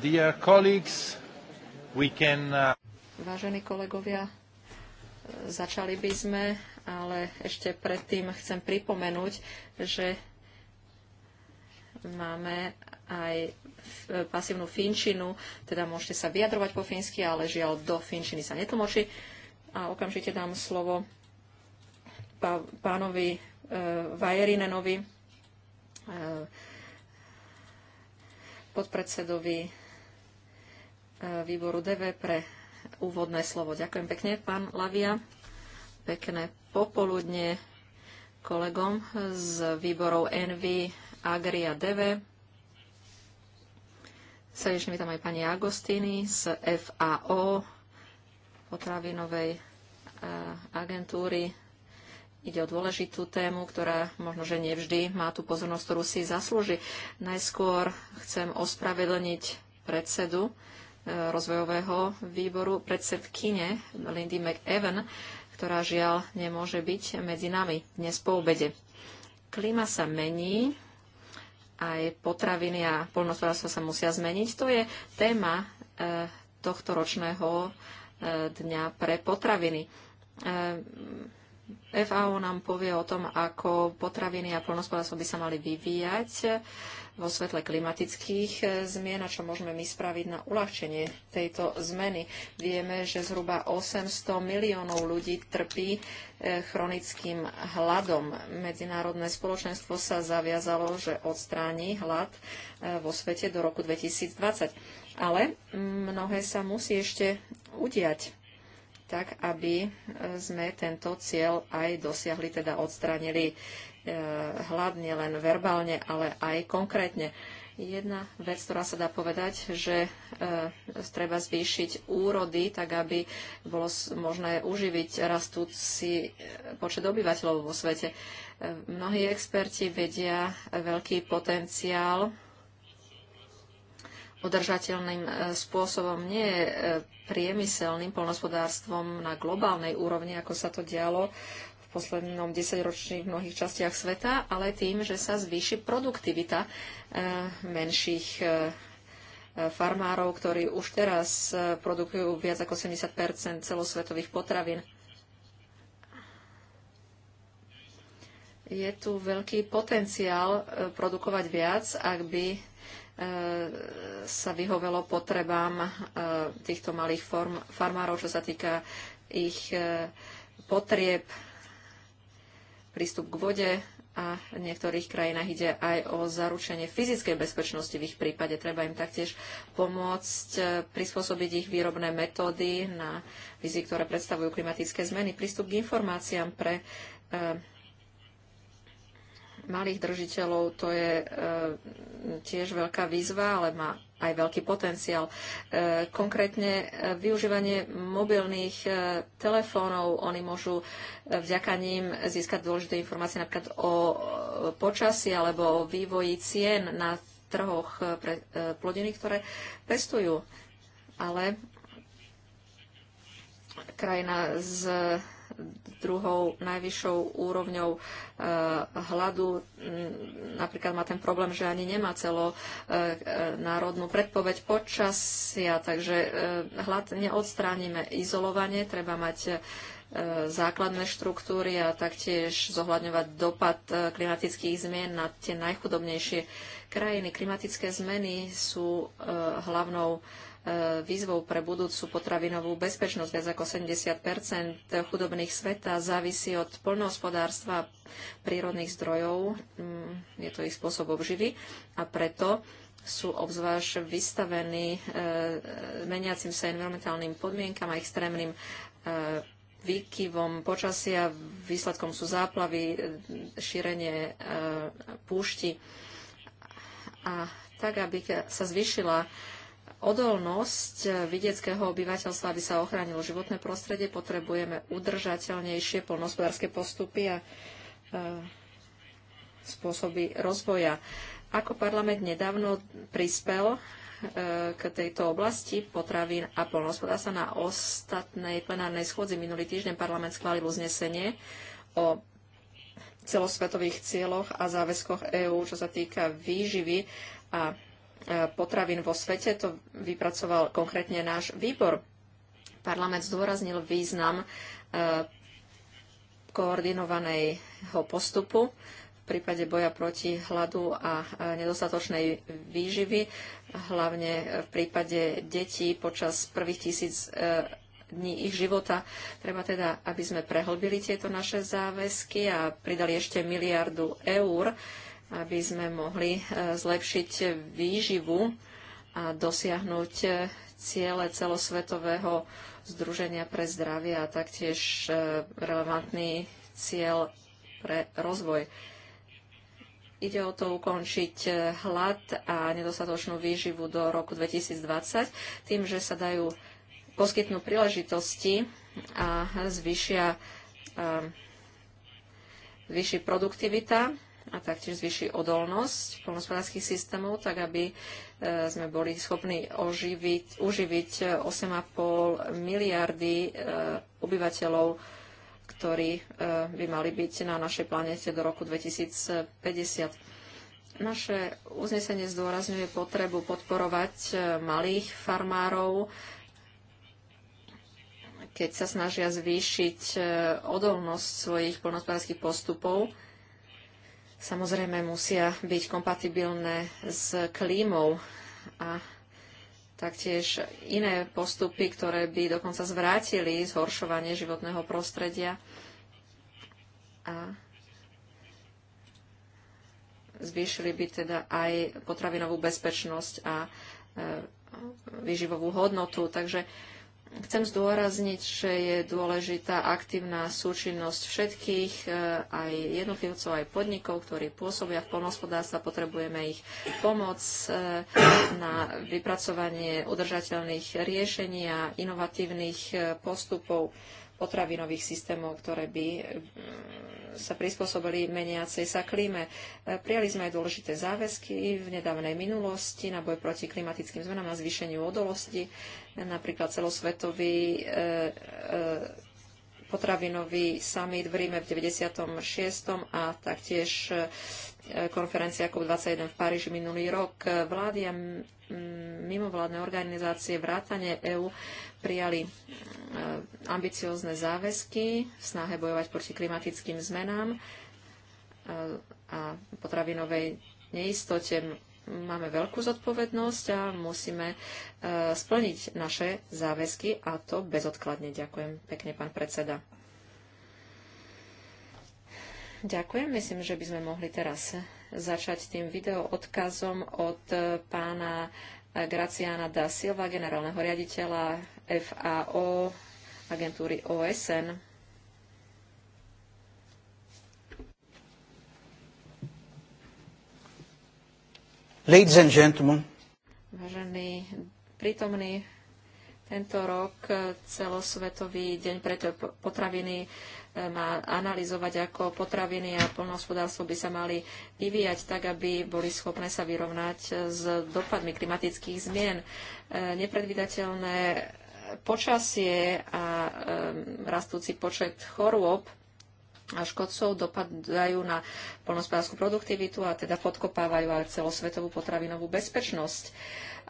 Dear colleagues, we can... Uh, Vážení kolegovia, e, začali by sme, ale ešte predtým chcem pripomenúť, že máme aj pasívnu finčinu, teda môžete sa vyjadrovať po fínsky, ale žiaľ do finčiny sa netlmočí. A okamžite dám slovo pánovi e, Vajerinenovi, e, podpredsedovi výboru DV pre úvodné slovo. Ďakujem pekne, pán Lavia. Pekné popoludne kolegom z výborov Envy, Agri a DV. Srdečne vítam aj pani Agostini z FAO, potravinovej eh, agentúry. Ide o dôležitú tému, ktorá možno, že nevždy má tú pozornosť, ktorú si zaslúži. Najskôr chcem ospravedlniť predsedu rozvojového výboru predsedkyne Lindy McEwen, ktorá žiaľ nemôže byť medzi nami dnes po obede. Klíma sa mení, aj potraviny a polnospodárstvo sa musia zmeniť. To je téma e, tohto ročného e, dňa pre potraviny. E, FAO nám povie o tom, ako potraviny a polnospodárstvo by sa mali vyvíjať vo svetle klimatických eh, zmien a čo môžeme my spraviť na uľahčenie tejto zmeny. Vieme, že zhruba 800 miliónov ľudí trpí eh, chronickým hladom. Medzinárodné spoločenstvo sa zaviazalo, že odstráni hlad eh, vo svete do roku 2020. Ale mnohé sa musí ešte udiať tak, aby sme tento cieľ aj dosiahli, teda odstránili E, hladne len verbálne, ale aj konkrétne. Jedna vec, ktorá sa dá povedať, že e, treba zvýšiť úrody, tak aby bolo možné uživiť rastúci e, počet obyvateľov vo svete. E, mnohí experti vedia veľký potenciál udržateľným e, spôsobom, nie priemyselným polnospodárstvom na globálnej úrovni, ako sa to dialo poslednom desaťročí v mnohých častiach sveta, ale tým, že sa zvýši produktivita eh, menších eh, eh, farmárov, ktorí už teraz produkujú viac ako 70 celosvetových potravín. Je tu veľký potenciál produkovať viac, ak by sa vyhovelo potrebám týchto malých farmárov, čo sa týka ich potrieb prístup k vode a v niektorých krajinách ide aj o zaručenie fyzickej bezpečnosti v ich prípade. Treba im taktiež pomôcť e, prispôsobiť ich výrobné metódy na vizi, ktoré predstavujú klimatické zmeny. Prístup k informáciám pre e, malých držiteľov to je e, tiež veľká výzva, ale má aj veľký potenciál. E, konkrétne e, využívanie mobilných e, telefónov, oni môžu vďaka ním získať dôležité informácie napríklad o počasí alebo o vývoji cien na trhoch pre plodiny, ktoré pestujú. Ale krajina s druhou najvyššou úrovňou eh, hladu. Mm, napríklad má ten problém, že ani nemá celo eh, eh, národnú predpoveď počasia, takže hlad neodstránime izolovanie, treba mať základné štruktúry a taktiež zohľadňovať dopad eh, klimatických zmien na tie najchudobnejšie krajiny. Klimatické zmeny sú eh, hlavnou eh, výzvou pre budúcu potravinovú bezpečnosť. Viac ako 70 chudobných sveta závisí od poľnohospodárstva a prírodných zdrojov. Mm, je to ich spôsob obživy a preto sú obzvlášť vystavení meniacim sa environmentálnym podmienkam a extrémnym výkyvom počasia. Výsledkom sú záplavy, šírenie e, púšti. A tak, aby sa zvyšila odolnosť e, vidieckého obyvateľstva, aby sa ochránilo životné prostredie, potrebujeme udržateľnejšie polnospodárske postupy a e, spôsoby rozvoja. Ako parlament nedávno prispel Eh, k tejto oblasti potravín a polnohospodárstva. Na ostatnej plenárnej schôdzi minulý týždeň parlament schválil uznesenie o celosvetových cieľoch a záväzkoch EÚ, čo sa týka výživy a eh, potravín vo svete. To vypracoval konkrétne náš výbor. Parlament zdôraznil význam eh, koordinovaného postupu prípade boja proti hladu a nedostatočnej výživy, hlavne v prípade detí počas prvých tisíc e, dní ich života. Treba teda, aby sme prehlbili tieto naše záväzky a pridali ešte miliardu eur, aby sme mohli e, zlepšiť výživu a dosiahnuť e, ciele celosvetového združenia pre zdravie a taktiež relevantný cieľ pre rozvoj. Ide o to ukončiť e, hlad a nedostatočnú výživu do roku 2020 tým, že sa dajú poskytnú príležitosti a zvyšia e, zvyši produktivita a taktiež zvyši odolnosť polnospodárských systémov, tak aby e, sme boli schopní oživiť, uživiť 8,5 miliardy obyvateľov ktorí e, by mali byť na našej planete do roku 2050. Naše uznesenie zdôrazňuje potrebu podporovať e, malých farmárov, keď sa snažia zvýšiť e, odolnosť svojich plnospodárských postupov. Samozrejme musia byť kompatibilné s klímou a taktiež iné postupy, ktoré by dokonca zvrátili zhoršovanie životného prostredia a zvýšili by teda aj potravinovú bezpečnosť a e, výživovú hodnotu. Takže chcem zdôrazniť, že je dôležitá aktívna súčinnosť všetkých, e, aj jednotlivcov, aj podnikov, ktorí pôsobia v polnohospodárstve. Potrebujeme ich pomoc e, na vypracovanie udržateľných riešení a inovatívnych postupov potravinových systémov, ktoré by mm, sa prispôsobili meniacej sa klíme. Prijali sme aj dôležité záväzky v nedávnej minulosti na boj proti klimatickým zmenám a zvýšeniu odolosti, napríklad celosvetový e, e, potravinový summit v Ríme v 96. a taktiež konferencia COP21 v Paríži minulý rok. Vlády a mimovládne organizácie vrátane EÚ prijali e, ambiciózne záväzky v snahe bojovať proti klimatickým zmenám e, a potravinovej neistote. Máme veľkú zodpovednosť a musíme e, splniť naše záväzky a to bezodkladne. Ďakujem pekne, pán predseda. Ďakujem. Myslím, že by sme mohli teraz začať tým video odkazom od pána Graciana da Silva, generálneho riaditeľa FAO agentúry OSN. Ladies and gentlemen. Vážení prítomní tento rok e, celosvetový deň pre potraviny e, má analyzovať, ako potraviny a polnohospodárstvo by sa mali vyvíjať tak, aby boli schopné sa vyrovnať e, s dopadmi klimatických zmien. Nepredvydateľné počasie a rastúci počet chorôb a škodcov dopadajú na polnospodárskú produktivitu a teda podkopávajú aj celosvetovú potravinovú bezpečnosť.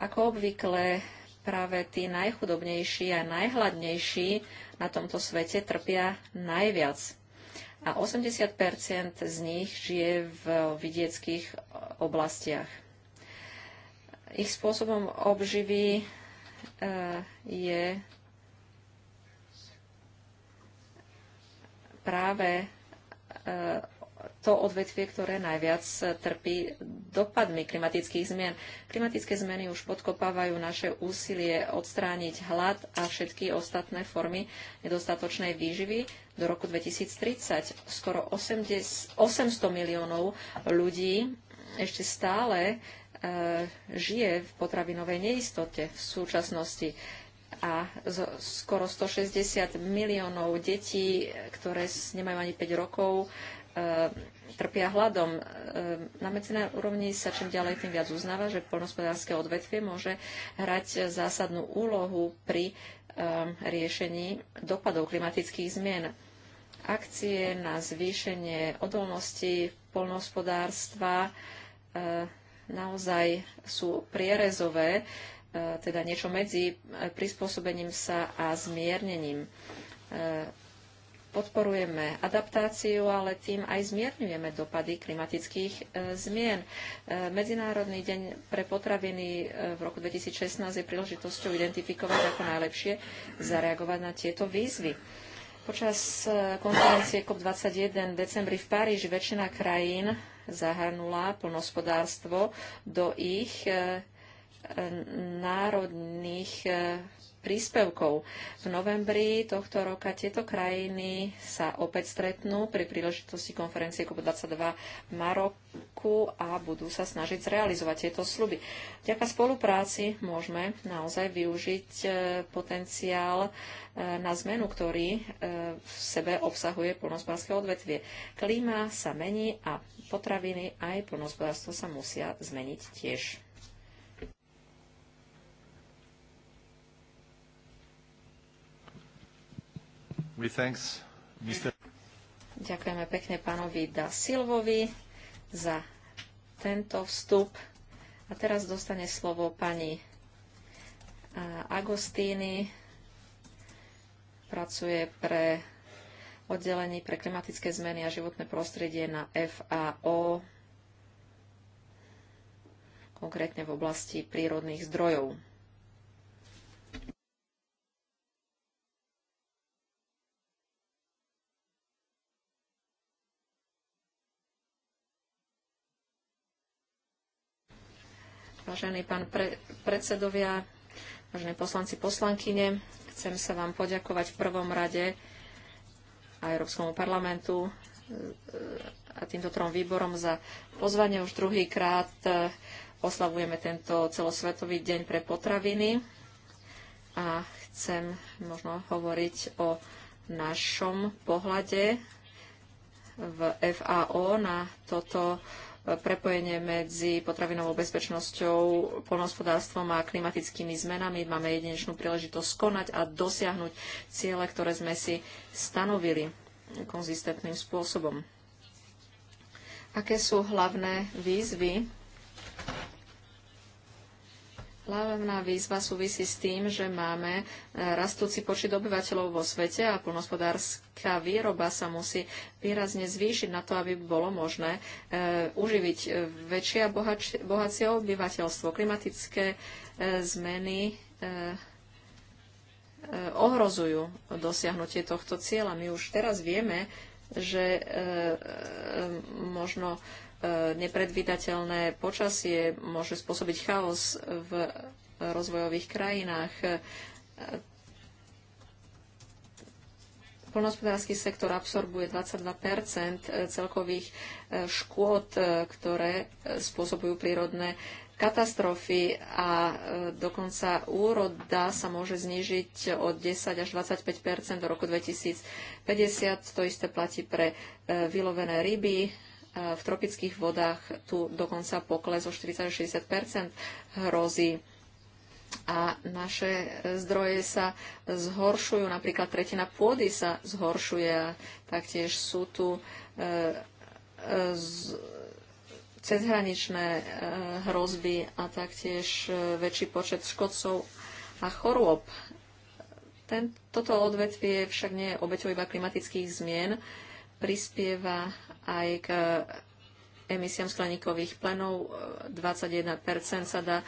Ako obvykle práve tí najchudobnejší a najhladnejší na tomto svete trpia najviac. A 80 z nich žije v vidieckých oblastiach. Ich spôsobom obživy eh, je práve eh, to odvetvie, ktoré najviac trpí dopadmi klimatických zmien. Klimatické zmeny už podkopávajú naše úsilie odstrániť hlad a všetky ostatné formy nedostatočnej výživy do roku 2030. Skoro 800 miliónov ľudí ešte stále e, žije v potravinovej neistote v súčasnosti a skoro 160 miliónov detí, ktoré nemajú ani 5 rokov, E, trpia hladom. E, na medzinárodnej úrovni sa čím ďalej tým viac uznáva, že poľnohospodárske odvetvie môže hrať zásadnú úlohu pri e, riešení dopadov klimatických zmien. Akcie na zvýšenie odolnosti poľnohospodárstva naozaj sú prierezové, teda niečo medzi prispôsobením sa a zmiernením podporujeme adaptáciu, ale tým aj zmierňujeme dopady klimatických e, zmien. E, Medzinárodný deň pre potraviny e, v roku 2016 je príležitosťou identifikovať, ako najlepšie zareagovať na tieto výzvy. Počas konferencie COP21 v decembri v Paríži väčšina krajín zahrnula plnospodárstvo do ich národných príspevkov. V novembri tohto roka tieto krajiny sa opäť stretnú pri príležitosti konferencie COP22 v Maroku a budú sa snažiť zrealizovať tieto sluby. Vďaka spolupráci môžeme naozaj využiť e, potenciál e, na zmenu, ktorý e, v sebe obsahuje plnospodárske odvetvie. Klíma sa mení a potraviny aj plnospodárstvo sa musia zmeniť tiež. Ďakujeme pekne pánovi Da Silvovi za tento vstup. A teraz dostane slovo pani Agostíny. Pracuje pre oddelení pre klimatické zmeny a životné prostredie na FAO, konkrétne v oblasti prírodných zdrojov. Vážený pán pre, predsedovia, vážení poslanci, poslankyne, chcem sa vám poďakovať v prvom rade a Európskomu parlamentu e, a týmto trom výborom za pozvanie. Už druhýkrát e, oslavujeme tento celosvetový deň pre potraviny a chcem možno hovoriť o našom pohľade v FAO na toto prepojenie medzi potravinovou bezpečnosťou, polnohospodárstvom a klimatickými zmenami. Máme jedinečnú príležitosť konať a dosiahnuť ciele, ktoré sme si stanovili konzistentným spôsobom. Aké sú hlavné výzvy Hlavná výzva súvisí s tým, že máme e, rastúci počet obyvateľov vo svete a plnospodárska výroba sa musí výrazne zvýšiť na to, aby bolo možné e, uživiť e, väčšie a bohatšie obyvateľstvo. Klimatické zmeny ohrozujú dosiahnutie tohto cieľa. My už teraz vieme, že možno nepredvídateľné počasie môže spôsobiť chaos v rozvojových krajinách. Polnohospodársky sektor absorbuje 22 celkových eh, škôd, eh, ktoré eh, spôsobujú prírodné katastrofy a dokonca úroda sa môže znižiť od 10 až 25 do roku 2050. To isté platí pre vylovené ryby, Eh, v tropických vodách tu dokonca pokles o 40-60 hrozí a naše zdroje sa zhoršujú, napríklad tretina pôdy sa zhoršuje a taktiež sú tu eh, eh, cezhraničné hrozby a taktiež väčší počet škodcov a chorôb. Ten, toto odvetvie však nie je obeťou iba klimatických zmien, prispieva aj k e, emisiám skleníkových plenov. 21 e, sa dá e,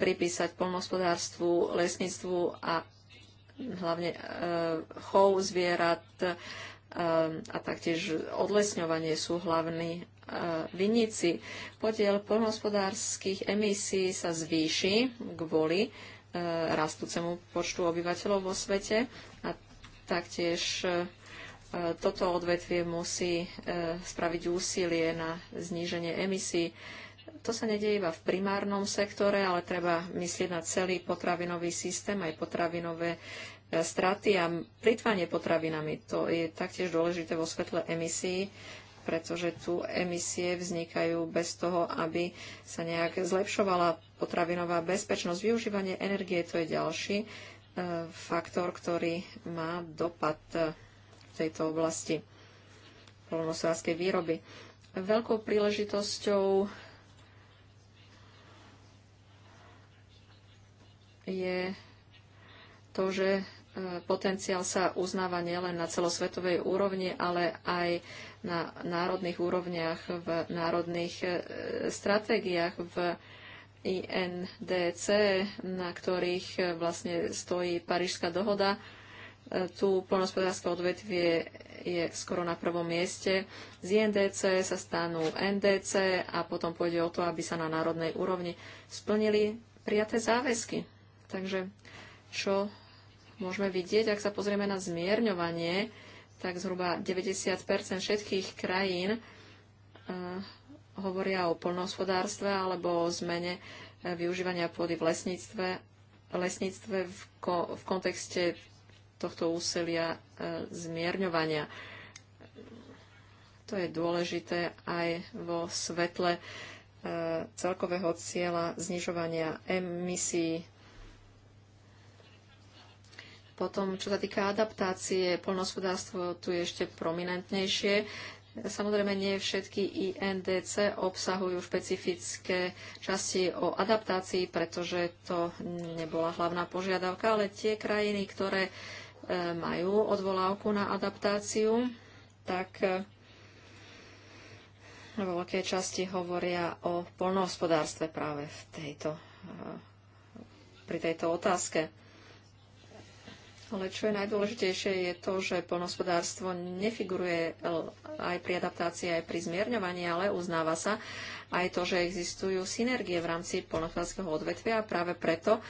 pripísať polnospodárstvu, lesníctvu a hlavne chov zvierat a taktiež odlesňovanie sú hlavní vinníci. Podiel poľnohospodárskych emisí sa zvýši kvôli rastúcemu počtu obyvateľov vo svete a taktiež E, toto odvetvie musí e, spraviť úsilie na zníženie emisí. To sa nedie iba v primárnom sektore, ale treba myslieť na celý potravinový systém, aj potravinové e, straty a plitvanie potravinami. To je taktiež dôležité vo svetle emisí, pretože tu emisie vznikajú bez toho, aby sa nejak zlepšovala potravinová bezpečnosť. Využívanie energie to je ďalší faktor, ktorý má dopad tejto oblasti polnospodárskej výroby. Veľkou príležitosťou je to, že e, potenciál sa uznáva nielen na celosvetovej úrovni, ale aj na národných úrovniach, v národných e, stratégiách, v INDC, na ktorých e, vlastne stojí Parížská dohoda tu poľnohospodárske odvetvie je skoro na prvom mieste. Z INDC sa stanú NDC a potom pôjde o to, aby sa na národnej úrovni splnili prijaté záväzky. Takže čo môžeme vidieť, ak sa pozrieme na zmierňovanie, tak zhruba 90 všetkých krajín e, hovoria o poľnohospodárstve alebo o zmene e, využívania pôdy v lesníctve, lesníctve v, ko, v kontexte tohto úsilia e, zmierňovania. To je dôležité aj vo svetle e, celkového cieľa znižovania emisí. Potom, čo sa týka adaptácie, poľnohospodárstvo tu je ešte prominentnejšie. Samozrejme, nie všetky INDC obsahujú špecifické časti o adaptácii, pretože to nebola hlavná požiadavka, ale tie krajiny, ktoré uh, majú odvolávku na adaptáciu, tak vo eh, veľkej časti hovoria o polnohospodárstve práve v tejto, eh, pri tejto otázke. Ale čo je najdôležitejšie, je to, že polnospodárstvo nefiguruje aj pri adaptácii, aj pri zmierňovaní, ale uznáva sa aj to, že existujú synergie v rámci polnospodárskeho odvetvia a práve preto e,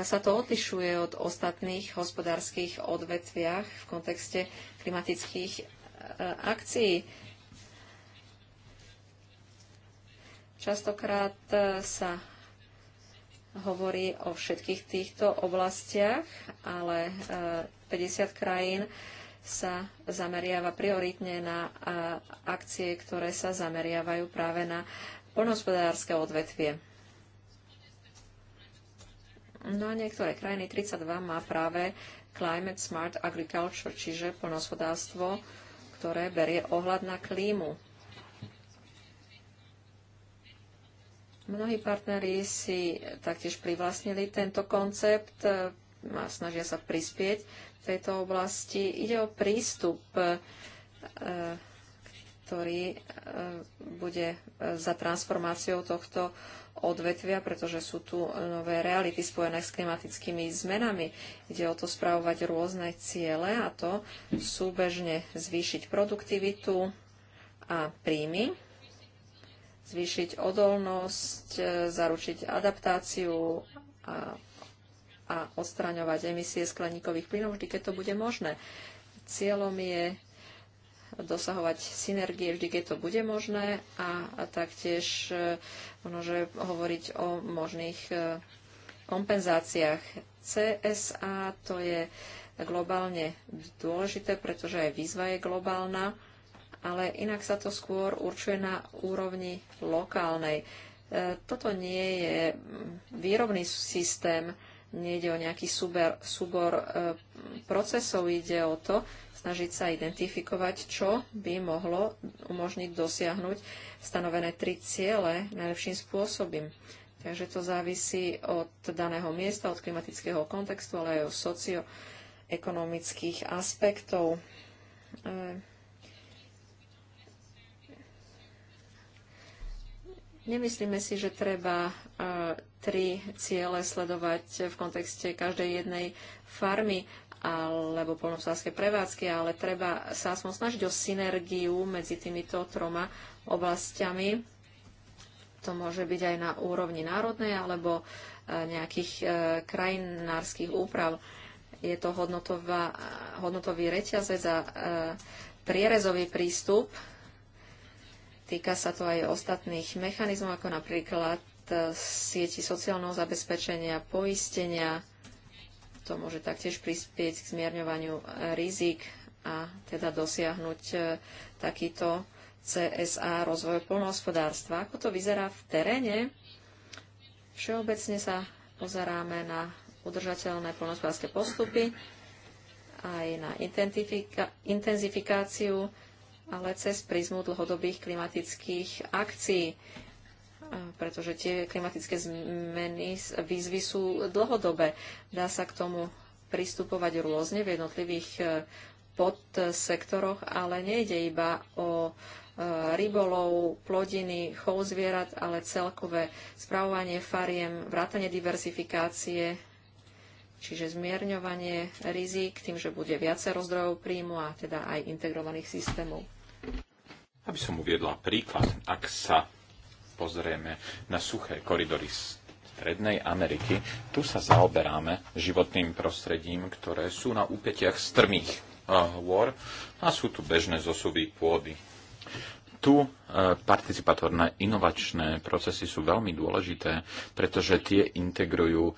sa to odlišuje od ostatných hospodárskych odvetviach v kontexte klimatických e, akcií. Častokrát e, sa hovorí o všetkých týchto oblastiach, ale 50 eh, krajín sa zameriava prioritne na eh, akcie, ktoré sa zameriavajú práve na poľnohospodárske odvetvie. No a niektoré krajiny, 32 má práve Climate Smart Agriculture, čiže poľnohospodárstvo, ktoré berie ohľad na klímu. Mnohí partneri si taktiež privlastnili tento koncept e, a snažia sa prispieť v tejto oblasti. Ide o prístup, e, ktorý e, bude za transformáciou tohto odvetvia, pretože sú tu nové reality spojené s klimatickými zmenami. Ide o to spravovať rôzne ciele a to súbežne zvýšiť produktivitu a príjmy zvýšiť odolnosť, e, zaručiť adaptáciu a, a odstraňovať emisie skleníkových plynov vždy, keď to bude možné. Cieľom je dosahovať synergie vždy, keď to bude možné a, a taktiež možno, e, hovoriť o možných e, kompenzáciách. CSA to je globálne dôležité, pretože aj výzva je globálna ale inak sa to skôr určuje na úrovni lokálnej. E, toto nie je výrobný systém, nie ide o nejaký súber, súbor e, procesov, ide o to snažiť sa identifikovať, čo by mohlo umožniť dosiahnuť stanovené tri ciele najlepším spôsobom. Takže to závisí od daného miesta, od klimatického kontextu, ale aj od socioekonomických aspektov. E, Nemyslíme si, že treba tri ciele sledovať v kontexte každej jednej farmy alebo polnospodárskej prevádzky, ale treba sa aspoň snažiť o synergiu medzi týmito troma oblastiami. To môže byť aj na úrovni národnej alebo nejakých e, krajinárskych úprav. Je to hodnotová, hodnotový reťazec a e, prierezový prístup Týka sa to aj ostatných mechanizmov, ako napríklad e, sieti sociálneho zabezpečenia, poistenia. To môže taktiež prispieť k zmierňovaniu e, rizik a teda dosiahnuť e, takýto CSA rozvoj polnohospodárstva. Ako to vyzerá v teréne? Všeobecne sa pozeráme na udržateľné polnohospodárske postupy, aj na intenzifikáciu ale cez prízmu dlhodobých klimatických akcií, pretože tie klimatické zmeny, výzvy sú dlhodobé. Dá sa k tomu pristupovať rôzne v jednotlivých e, podsektoroch, ale nejde iba o e, rybolov, plodiny, chov zvierat, ale celkové spravovanie fariem, vrátanie diverzifikácie, čiže zmierňovanie rizik tým, že bude viacero zdrojov príjmu a teda aj integrovaných systémov. Aby som uviedla príklad, ak sa pozrieme na suché koridory Strednej Ameriky, tu sa zaoberáme životným prostredím, ktoré sú na úpetiach strmých hôr a sú tu bežné zosuvy pôdy. Tu e, participatórne inovačné procesy sú veľmi dôležité, pretože tie integrujú e,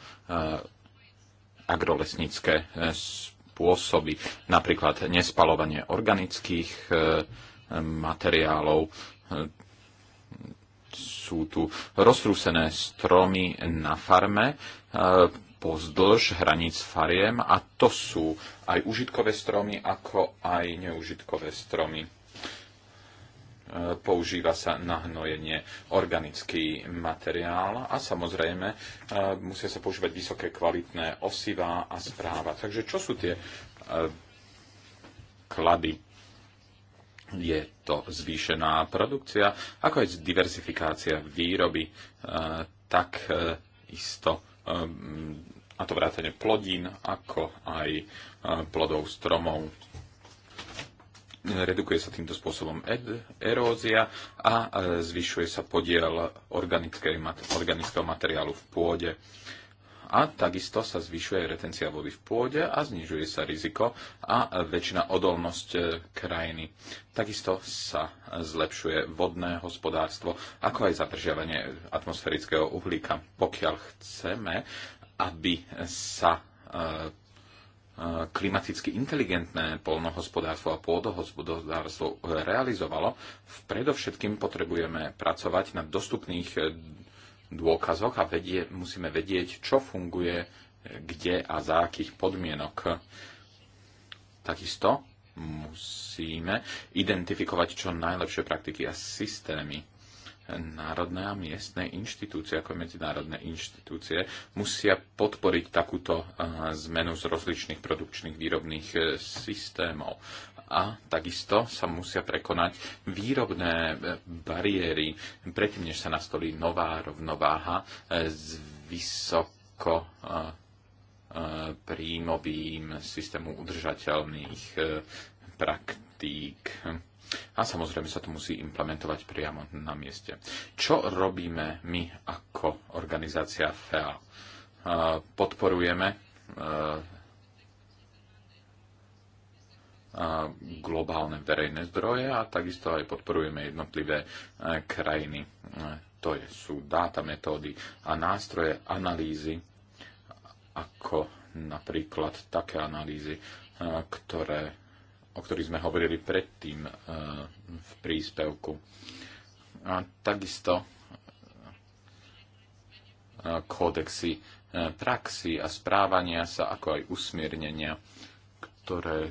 agrolesnícke spôsoby, napríklad nespalovanie organických e, materiálov. Sú tu roztrúsené stromy na farme e, pozdĺž hraníc fariem a to sú aj užitkové stromy, ako aj neužitkové stromy. E, používa sa na hnojenie organický materiál a samozrejme e, musia sa používať vysoké kvalitné osiva a správa. Takže čo sú tie klady? je to zvýšená produkcia, ako aj diversifikácia výroby, e, tak e, isto e, a to vrátane plodín, ako aj plodov stromov. Redukuje sa týmto spôsobom erózia a zvyšuje sa podiel organického materiálu v pôde a takisto sa zvyšuje retencia vody v pôde a znižuje sa riziko a väčšina odolnosť e, krajiny. Takisto sa zlepšuje vodné hospodárstvo, ako aj zadržiavanie atmosférického uhlíka. Pokiaľ chceme, aby sa e, e, klimaticky inteligentné polnohospodárstvo a pôdohospodárstvo realizovalo, predovšetkým potrebujeme pracovať na dostupných dôkazoch a vedie, musíme vedieť, čo funguje, kde a za akých podmienok. Takisto musíme identifikovať čo najlepšie praktiky a systémy. Národné a miestne inštitúcie, ako medzinárodné inštitúcie, musia podporiť takúto eh, zmenu z rozličných produkčných výrobných eh, systémov a takisto sa musia prekonať výrobné e, bariéry predtým, než sa nastolí nová rovnováha e, s vysoko e, príjmovým systému udržateľných praktík. A samozrejme sa to musí implementovať priamo na mieste. Čo robíme my ako organizácia FEA? Podporujeme globálne verejné zdroje a takisto aj podporujeme jednotlivé e, krajiny. E, to je, sú dáta, metódy a nástroje analýzy, ako napríklad také analýzy, e, ktoré, o ktorých sme hovorili predtým v príspevku. A takisto kódexy praxi a správania sa, ako aj usmiernenia, ktoré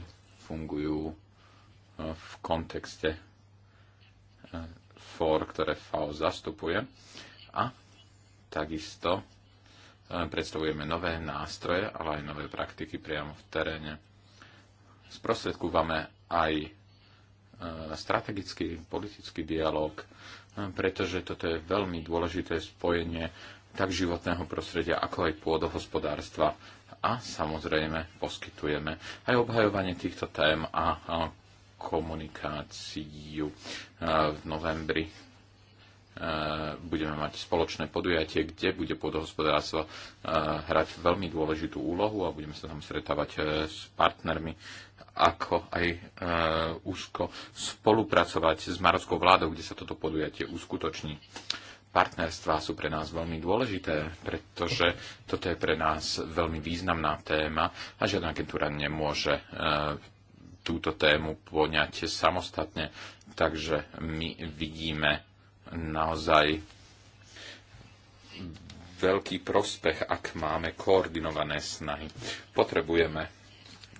fungujú eh, v kontexte eh, for, ktoré FAO zastupuje. A takisto eh, predstavujeme nové nástroje, ale aj nové praktiky priamo v teréne. Sprostredkúvame aj strategický, politický dialog, pretože toto je veľmi dôležité spojenie tak životného prostredia, ako aj pôdohospodárstva a samozrejme poskytujeme aj obhajovanie týchto tém a komunikáciu. V novembri budeme mať spoločné podujatie, kde bude pôdohospodárstvo hrať veľmi dôležitú úlohu a budeme sa tam stretávať e, s partnermi, ako aj e, úzko spolupracovať s marockou vládou, kde sa toto podujatie uskutoční partnerstvá sú pre nás veľmi dôležité, pretože toto je pre nás veľmi významná téma a žiadna agentúra nemôže eh, túto tému poňať samostatne. Takže my vidíme naozaj veľký prospech, ak máme koordinované snahy. Potrebujeme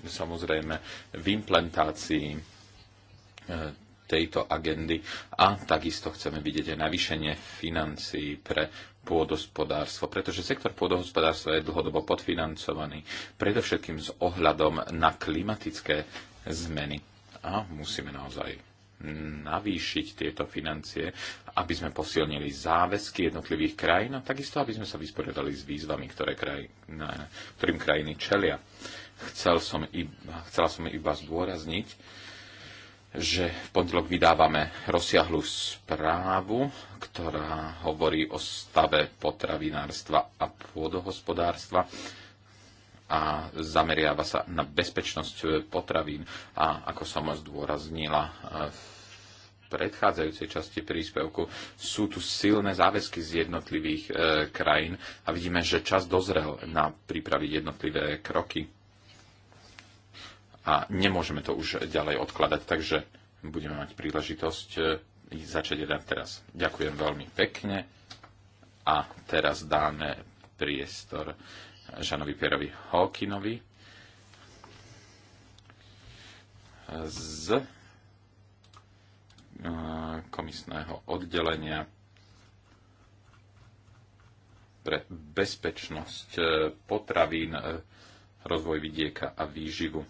samozrejme v implantácii eh, tejto agendy a takisto chceme vidieť aj navýšenie financií pre pôdospodárstvo, pretože sektor pôdohospodárstva je dlhodobo podfinancovaný, predovšetkým s ohľadom na klimatické zmeny. A musíme naozaj navýšiť tieto financie, aby sme posilnili záväzky jednotlivých krajín a takisto, aby sme sa vysporiadali s výzvami, ktoré kraj, na, ktorým krajiny čelia. Chcel som iba, chcela som iba zdôrazniť, že v pondelok vydávame rozsiahlu správu, ktorá hovorí o stave potravinárstva a pôdohospodárstva a zameriava sa na bezpečnosť potravín. A ako som zdôraznila e, v predchádzajúcej časti príspevku, sú tu silné záväzky z jednotlivých e, krajín a vidíme, že čas dozrel na pripraviť jednotlivé kroky a nemôžeme to už ďalej odkladať, takže budeme mať príležitosť e, začať jeden teraz. Ďakujem veľmi pekne a teraz dáme priestor Žanovi Pierovi Hawkinovi z e, komisného oddelenia pre bezpečnosť e, potravín, rozvoj vidieka a výživu.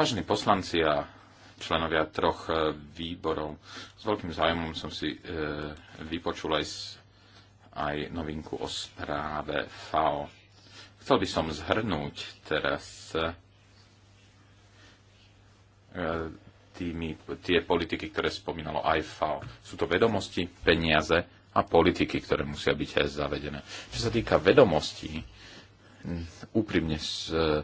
Vážení poslanci a členovia troch e, výborov, s veľkým zájmom som si e, vypočul aj, aj novinku o správe FAO. Chcel by som zhrnúť teraz e, tými, tie politiky, ktoré spomínalo aj FAO. Sú to vedomosti, peniaze a politiky, ktoré musia byť aj zavedené. Čo sa týka vedomostí, úprimne s, e,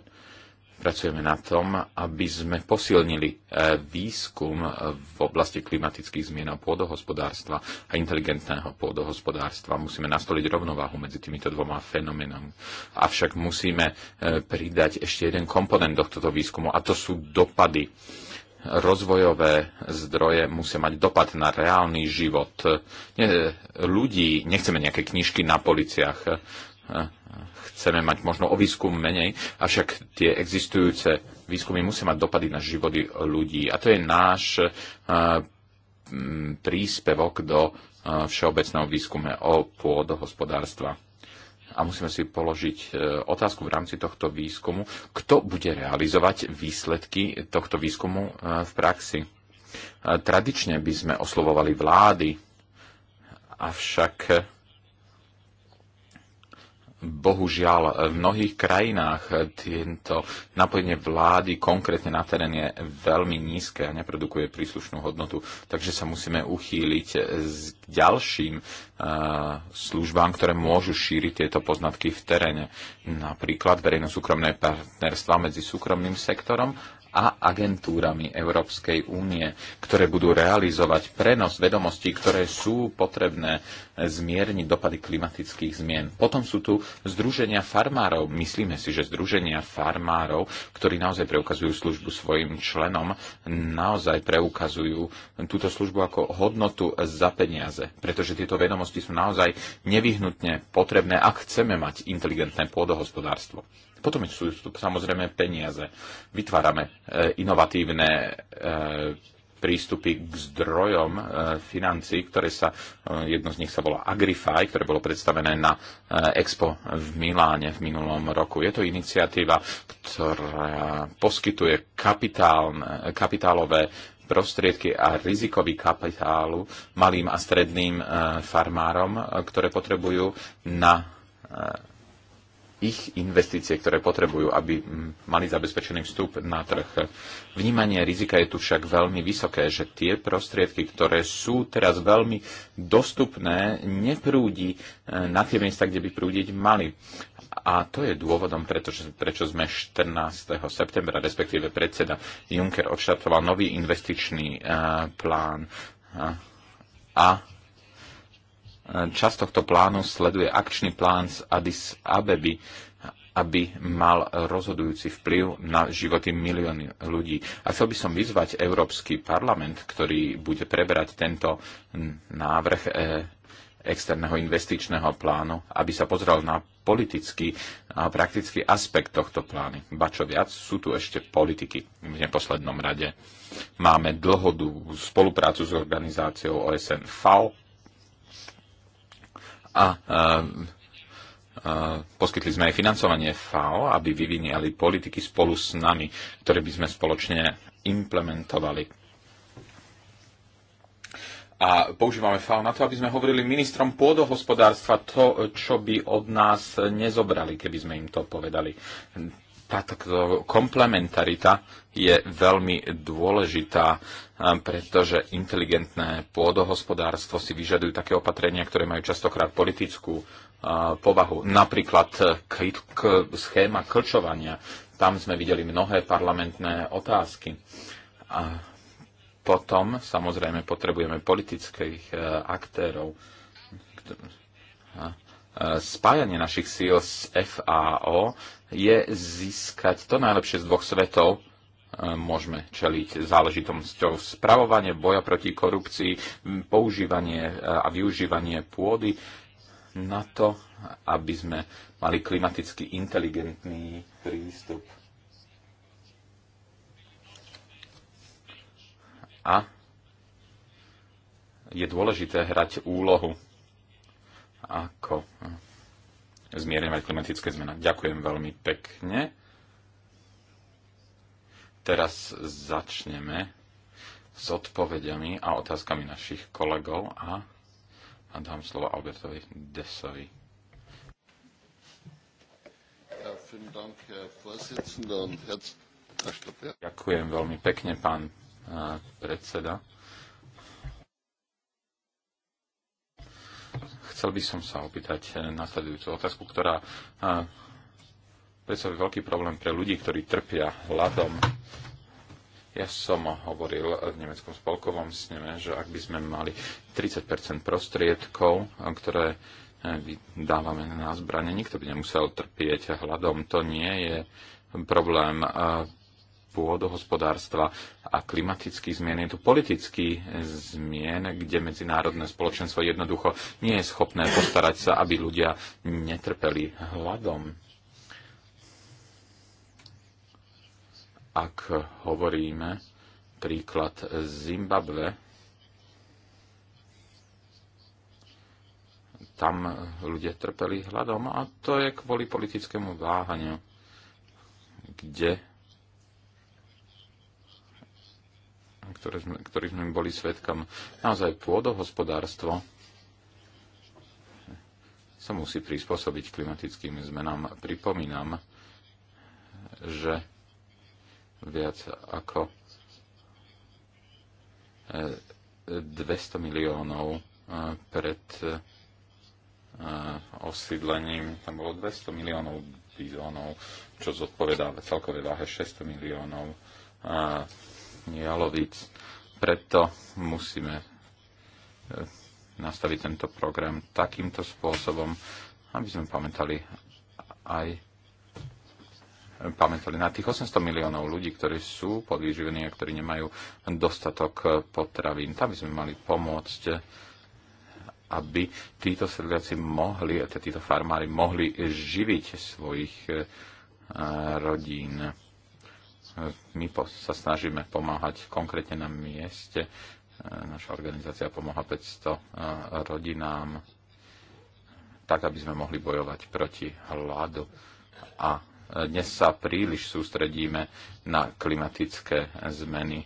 Pracujeme na tom, aby sme posilnili eh, výskum v oblasti klimatických zmien a pôdohospodárstva a inteligentného pôdohospodárstva. Musíme nastoliť rovnováhu medzi týmito dvoma fenomenami. Avšak musíme eh, pridať ešte jeden komponent do tohto výskumu a to sú dopady. Rozvojové zdroje musia mať dopad na reálny život ľudí. Nechceme nejaké knižky na policiach chceme mať možno o výskum menej, avšak tie existujúce výskumy musia mať dopady na životy ľudí. A to je náš e, príspevok do e, všeobecného výskume o pôdohospodárstva. A musíme si položiť e, otázku v rámci tohto výskumu, kto bude realizovať výsledky tohto výskumu v praxi. Tradične by sme oslovovali vlády, avšak bohužiaľ v mnohých krajinách tento napojenie vlády konkrétne na terén je veľmi nízke a neprodukuje príslušnú hodnotu, takže sa musíme uchýliť s ďalším e, službám, ktoré môžu šíriť tieto poznatky v teréne. Napríklad verejno-súkromné partnerstva medzi súkromným sektorom a agentúrami Európskej únie, ktoré budú realizovať prenos vedomostí, ktoré sú potrebné zmierniť dopady klimatických zmien. Potom sú tu združenia farmárov. Myslíme si, že združenia farmárov, ktorí naozaj preukazujú službu svojim členom, naozaj preukazujú túto službu ako hodnotu za peniaze. Pretože tieto vedomosti sú naozaj nevyhnutne potrebné, ak chceme mať inteligentné pôdohospodárstvo. Potom sú tu samozrejme peniaze. Vytvárame e, inovatívne e, prístupy k zdrojom e, financií, ktoré sa, e, jedno z nich sa volá Agrify, ktoré bolo predstavené na e, Expo v Miláne v minulom roku. Je to iniciatíva, ktorá poskytuje kapitál, kapitálové prostriedky a rizikový kapitálu malým a stredným farmárom, ktoré potrebujú na ich investície, ktoré potrebujú, aby mali zabezpečený vstup na trh. Vnímanie rizika je tu však veľmi vysoké, že tie prostriedky, ktoré sú teraz veľmi dostupné, neprúdi e, na tie miesta, kde by prúdiť mali. A to je dôvodom, pretože, prečo sme 14. septembra, respektíve predseda Juncker odštartoval nový investičný uh, plán. Uh, a Časť tohto plánu sleduje akčný plán z Addis Abeby, aby mal rozhodujúci vplyv na životy milióny ľudí. A chcel by som vyzvať Európsky parlament, ktorý bude preberať tento návrh eh, externého investičného plánu, aby sa pozrel na politický a praktický aspekt tohto plány. Ba čo viac, sú tu ešte politiky v neposlednom rade. Máme dlhodobú spoluprácu s organizáciou OSN FAO, a, a poskytli sme aj financovanie FAO, aby vyvinieli politiky spolu s nami, ktoré by sme spoločne implementovali. A používame FAO na to, aby sme hovorili ministrom pôdohospodárstva to, čo by od nás nezobrali, keby sme im to povedali táto komplementarita je veľmi dôležitá, eh, pretože inteligentné pôdohospodárstvo si vyžadujú také opatrenia, ktoré majú častokrát politickú eh, povahu. Napríklad eh, k, k, schéma klčovania. Tam sme videli mnohé parlamentné otázky. A potom samozrejme potrebujeme politických aktérov. Spájanie našich síl s FAO je získať to najlepšie z dvoch svetov. E, môžeme čeliť záležitosťou spravovanie, boja proti korupcii, používanie e, a využívanie pôdy na to, aby sme mali klimaticky inteligentný prístup. A je dôležité hrať úlohu ako zmierňovať klimatické zmena. Ďakujem veľmi pekne. Teraz začneme s odpovediami a otázkami našich kolegov a dám slovo Albertovi Desovi. Ďakujem veľmi pekne, pán eh, predseda. Chcel by som sa opýtať eh, nasledujúcu otázku, ktorá eh, predstavuje veľký problém pre ľudí, ktorí trpia hladom. Ja som hovoril v nemeckom spolkovom sneme, že ak by sme mali 30 prostriedkov, eh, ktoré dávame na zbranie, nikto by nemusel trpieť hladom. To nie je problém pôdohospodárstva a klimatických zmien. Je tu politický zmien, kde medzinárodné spoločenstvo jednoducho nie je schopné postarať sa, aby ľudia netrpeli hladom. Ak hovoríme príklad Zimbabve, tam ľudia trpeli hľadom a to je kvôli politickému váhaniu, kde ktoré sme, ktorých sme boli svetkom. Naozaj pôdohospodárstvo sa musí prispôsobiť klimatickým zmenám. Pripomínam, že viac ako 200 e, miliónov e, pred e, osídlením, tam bolo 200 miliónov bizónov, čo zodpovedá celkovej váhe 600 miliónov jalovíc. Preto musíme e, nastaviť tento program takýmto spôsobom, aby sme pamätali aj pamätali na tých 800 miliónov ľudí, ktorí sú podvýživení a ktorí nemajú dostatok e, potravín. Tam by sme mali pomôcť, e, aby títo sedliaci mohli, títo farmári mohli živiť svojich rodín my sa snažíme pomáhať konkrétne na mieste. E, Naša organizácia pomáha 500 e, rodinám tak, aby sme mohli bojovať proti hladu. A e, dnes sa príliš sústredíme na klimatické zmeny.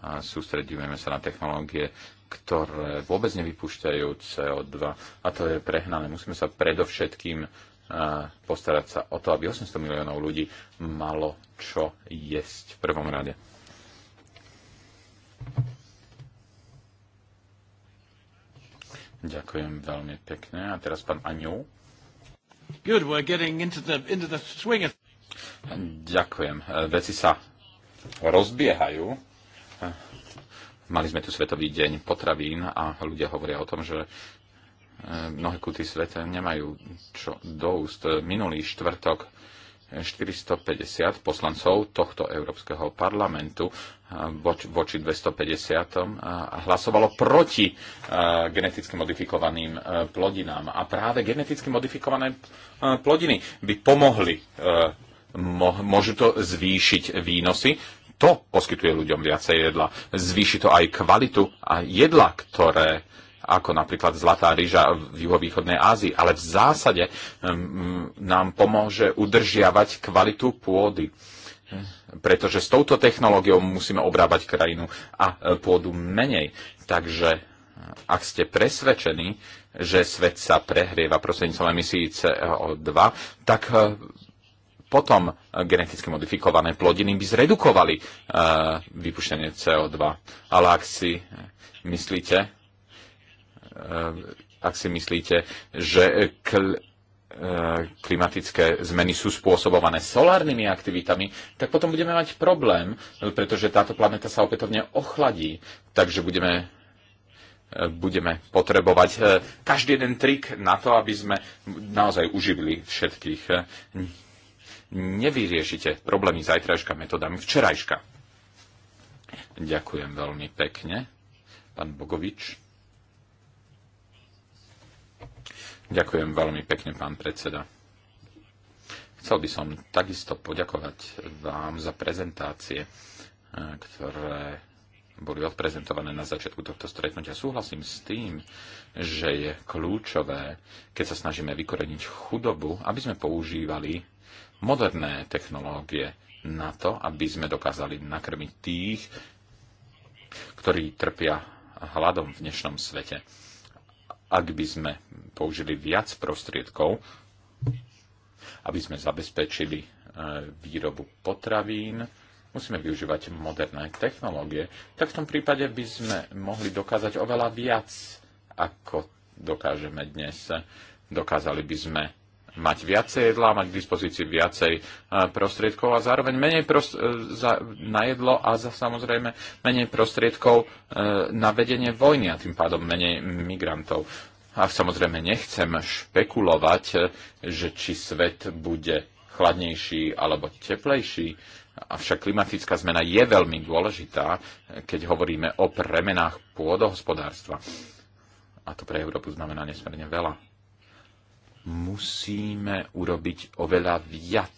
A sústredíme sa na technológie, ktoré vôbec nevypúšťajú CO2. A to je prehnané. Musíme sa predovšetkým postarať sa o to, aby 800 miliónov ľudí malo čo jesť v prvom rade. Ďakujem veľmi pekne. A teraz pán Aňu. Good, we're getting into the, into the swing. Ďakujem. Veci sa rozbiehajú. Mali sme tu Svetový deň potravín a ľudia hovoria o tom, že Eh, mnohé kuty sveta nemajú čo do úst. Minulý štvrtok 450 eh, poslancov tohto Európskeho parlamentu eh, voči 250 hlasovalo proti geneticky modifikovaným plodinám. A práve geneticky modifikované plodiny by pomohli, môžu to zvýšiť výnosy, to poskytuje ľuďom viacej jedla. Zvýši to aj kvalitu a jedla, ktoré ako napríklad Zlatá ryža v juhovýchodnej Ázii, ale v zásade nám pomôže udržiavať kvalitu pôdy. Pretože s touto technológiou musíme obrábať krajinu a e, pôdu menej. Takže e, ak ste presvedčení, že svet sa prehrieva prostredníctvom emisí CO2, tak e, potom geneticky modifikované plodiny by zredukovali vypuštenie CO2. Ale ak si myslíte, Ehm, ak si myslíte, že kl- ehm, klimatické zmeny sú spôsobované solárnymi aktivitami, tak potom budeme mať problém, pretože táto planéta sa opätovne ochladí. Takže budeme, ehm, budeme potrebovať každý jeden trik na to, aby sme naozaj uživili všetkých. Nevyriešite problémy zajtrajška metodami včerajška. Ďakujem veľmi pekne, pán Bogovič. Ďakujem veľmi pekne, pán predseda. Chcel by som takisto poďakovať vám za prezentácie, e, ktoré boli odprezentované na začiatku tohto stretnutia. Súhlasím s tým, že je kľúčové, keď sa snažíme vykoreniť chudobu, aby sme používali moderné technológie na to, aby sme dokázali nakrmiť tých, ktorí trpia hladom v dnešnom svete ak by sme použili viac prostriedkov, aby sme zabezpečili e, výrobu potravín, musíme využívať moderné technológie, tak v tom prípade by sme mohli dokázať oveľa viac, ako dokážeme dnes. Dokázali by sme mať viacej jedla, mať k dispozícii viacej eh, prostriedkov a zároveň menej prost- eh, za, na jedlo a za, samozrejme menej prostriedkov eh, na vedenie vojny a tým pádom menej migrantov. A samozrejme nechcem špekulovať, že či svet bude chladnejší alebo teplejší, avšak klimatická zmena je veľmi dôležitá, keď hovoríme o premenách pôdohospodárstva. A to pre Európu znamená nesmierne veľa musíme urobiť oveľa viac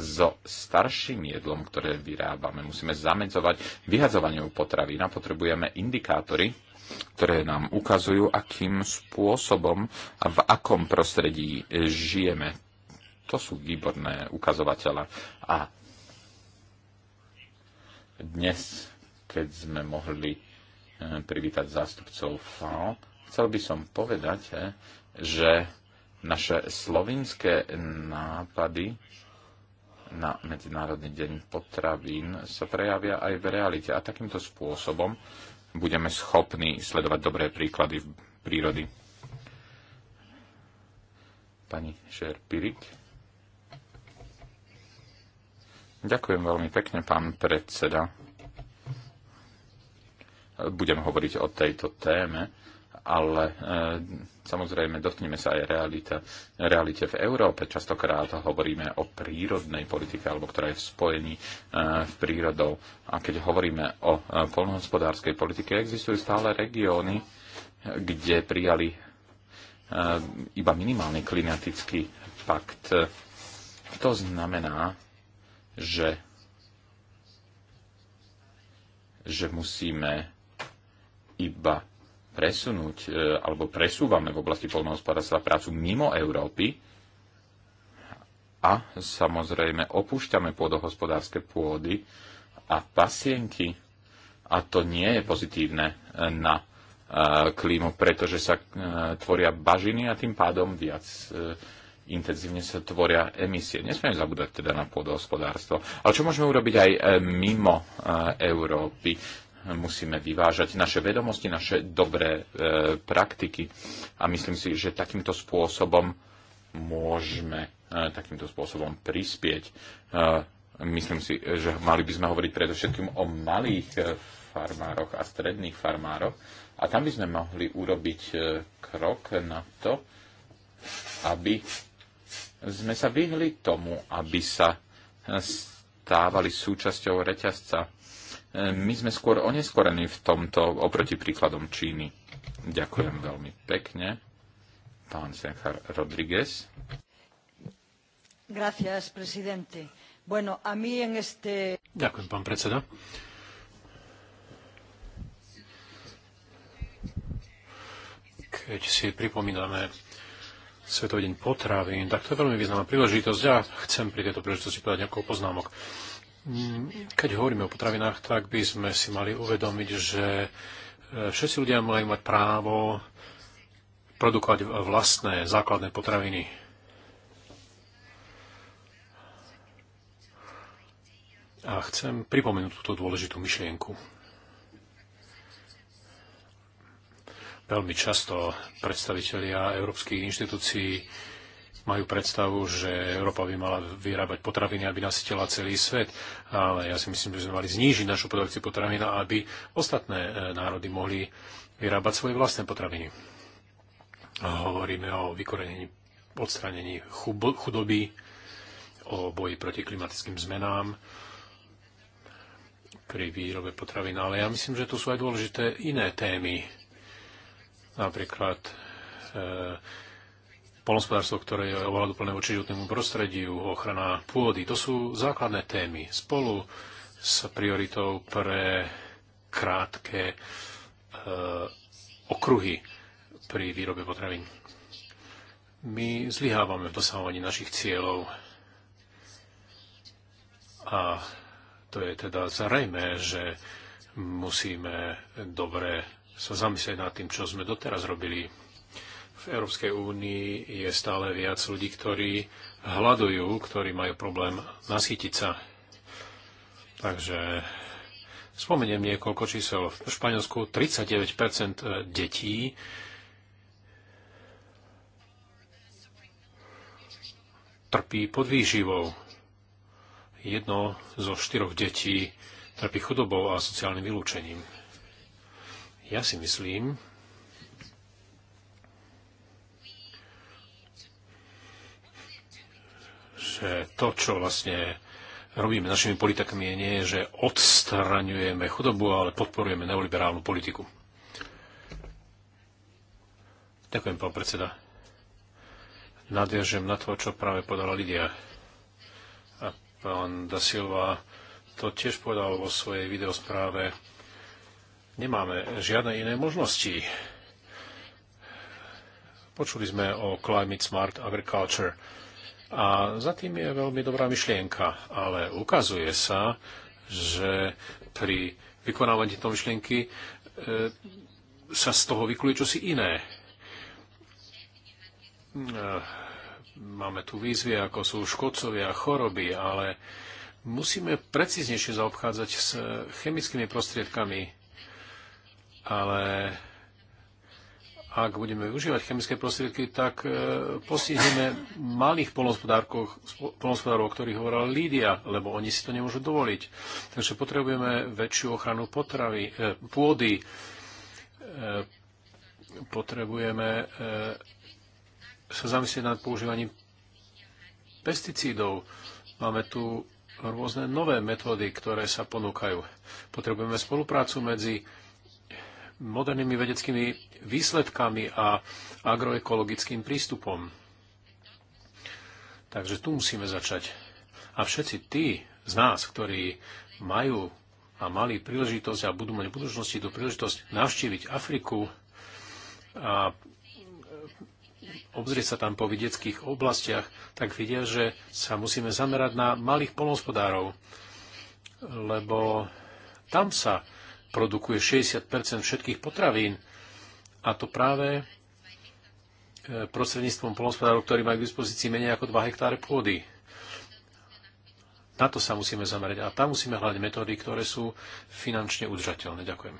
so starším jedlom, ktoré vyrábame. Musíme zamedzovať vyhadzovaniu potravín no, a potrebujeme indikátory, ktoré nám ukazujú, akým spôsobom a v akom prostredí žijeme. To sú výborné ukazovatele. A dnes, keď sme mohli eh, privítať zástupcov FAO, Chcel by som povedať, že naše slovinské nápady na Medzinárodný deň potravín sa prejavia aj v realite. A takýmto spôsobom budeme schopní sledovať dobré príklady v prírody. Pani Šerpirik. Ďakujem veľmi pekne, pán predseda. Budem hovoriť o tejto téme ale e, samozrejme dotkneme sa aj realita, realite v Európe. Častokrát hovoríme o prírodnej politike, alebo ktorá je v spojení e, eh, v prírodou. A keď hovoríme o e, eh, polnohospodárskej politike, existujú stále regióny, kde prijali e, iba minimálny klimatický pakt. To znamená, že že musíme iba presunúť e, alebo presúvame v oblasti polnohospodárstva prácu mimo Európy a samozrejme opúšťame pôdohospodárske pôdy a pasienky a to nie je pozitívne e, na e, klímu, pretože sa tvoria bažiny a tým pádom viac intenzívne sa tvoria emisie. Nesmieme zabúdať teda na pôdohospodárstvo. Ale čo môžeme urobiť aj mimo Európy? musíme vyvážať naše vedomosti, naše dobré e, praktiky. A myslím si, že takýmto spôsobom môžeme e, takýmto spôsobom prispieť. E, myslím si, že mali by sme hovoriť predovšetkým o malých e, farmároch a stredných farmároch. A tam by sme mohli urobiť e, krok na to, aby sme sa vyhli tomu, aby sa stávali súčasťou reťazca my sme skôr oneskorení v tomto oproti príkladom Číny. Ďakujem veľmi pekne. Pán Senchar Rodríguez. Gracias, presidente. Bueno, a mí en este... Ďakujem, pán predseda. Keď si pripomíname Svetový deň potravín, tak to je veľmi významná príležitosť. Ja chcem pri tejto príležitosti povedať nejakou poznámok keď hovoríme o potravinách, tak by sme si mali uvedomiť, že e, všetci ľudia majú mať právo produkovať vlastné základné potraviny. A chcem pripomenúť túto dôležitú myšlienku. Veľmi často predstavitelia európskych inštitúcií majú predstavu, že Európa by mala vyrábať potraviny, aby nasytila celý svet. Ale ja si myslím, že sme mali znížiť našu produkciu potravín, aby ostatné e, národy mohli vyrábať svoje vlastné potraviny. A hovoríme o vykorenení, odstranení chudoby, o boji proti klimatickým zmenám pri výrobe potravín, ale ja myslím, že tu sú aj dôležité iné témy. Napríklad e, polnospodárstvo, ktoré je oveľa doplné voči životnému prostrediu, ochrana pôdy. To sú základné témy spolu s prioritou pre krátke e, okruhy pri výrobe potravín. My zlyhávame v dosahovaní našich cieľov a to je teda zrejme, že musíme dobre sa zamyslieť nad tým, čo sme doteraz robili v Európskej únii je stále viac ľudí, ktorí hľadujú, ktorí majú problém nasytiť sa. Takže spomeniem niekoľko čísel. V Španielsku 39 e, detí trpí pod výživou. Jedno zo štyroch detí trpí chudobou a sociálnym vylúčením. Ja si myslím, že to, čo vlastne robíme našimi politikami, je nie, že odstraňujeme chudobu, ale podporujeme neoliberálnu politiku. Ďakujem, pán predseda. Nadviažem na to, čo práve podala Lidia. A pán Da Silva to tiež povedal vo svojej videospráve. Nemáme žiadne iné možnosti. Počuli sme o Climate Smart Agriculture a za tým je veľmi dobrá myšlienka, ale ukazuje sa, že pri vykonávaní tejto myšlienky e, sa z toho vykluje čosi iné. E, máme tu výzvy, ako sú škodcovia, choroby, ale musíme precíznejšie zaobchádzať s chemickými prostriedkami, ale ak budeme využívať chemické prostriedky, tak e, postihneme malých polnospodárov, o ktorých hovorila Lídia, lebo oni si to nemôžu dovoliť. Takže potrebujeme väčšiu ochranu potravy, e, pôdy, e, potrebujeme sa zamyslieť nad používaním pesticídov. Máme tu rôzne nové metódy, ktoré sa ponúkajú. Potrebujeme spoluprácu medzi modernými vedeckými výsledkami a agroekologickým prístupom. Takže tu musíme začať. A všetci tí z nás, ktorí majú a mali príležitosť a budú mať v budúcnosti tú príležitosť navštíviť Afriku a obzrieť sa tam po vidieckých oblastiach, tak vidia, že sa musíme zamerať na malých polnospodárov, lebo tam sa produkuje 60 všetkých potravín. A to práve e, prostredníctvom polnospodárov, ktorí majú k dispozícii menej ako 2 hektáre pôdy. Na to sa musíme zamerať a tam musíme hľadať metódy, ktoré sú finančne udržateľné. Ďakujem.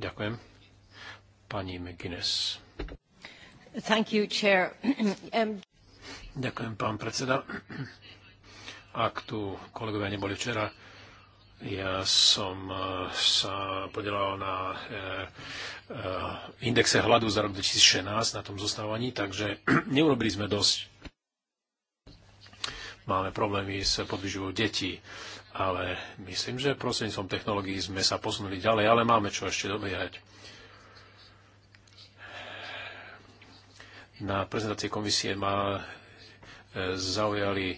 Ďakujem. Pani McGuinness. Thank you, chair. Um, Ďakujem, pán predseda. Ak tu kolegovia neboli včera, ja som eh, sa podelal na eh, eh, indexe hladu za rok 2016 na tom zostávaní, takže neurobili sme dosť. Máme problémy s podvyživou detí, ale myslím, že prostredníctvom technológií sme sa posunuli ďalej, ale máme čo ešte dobiehať. Na prezentácii komisie ma zaujali,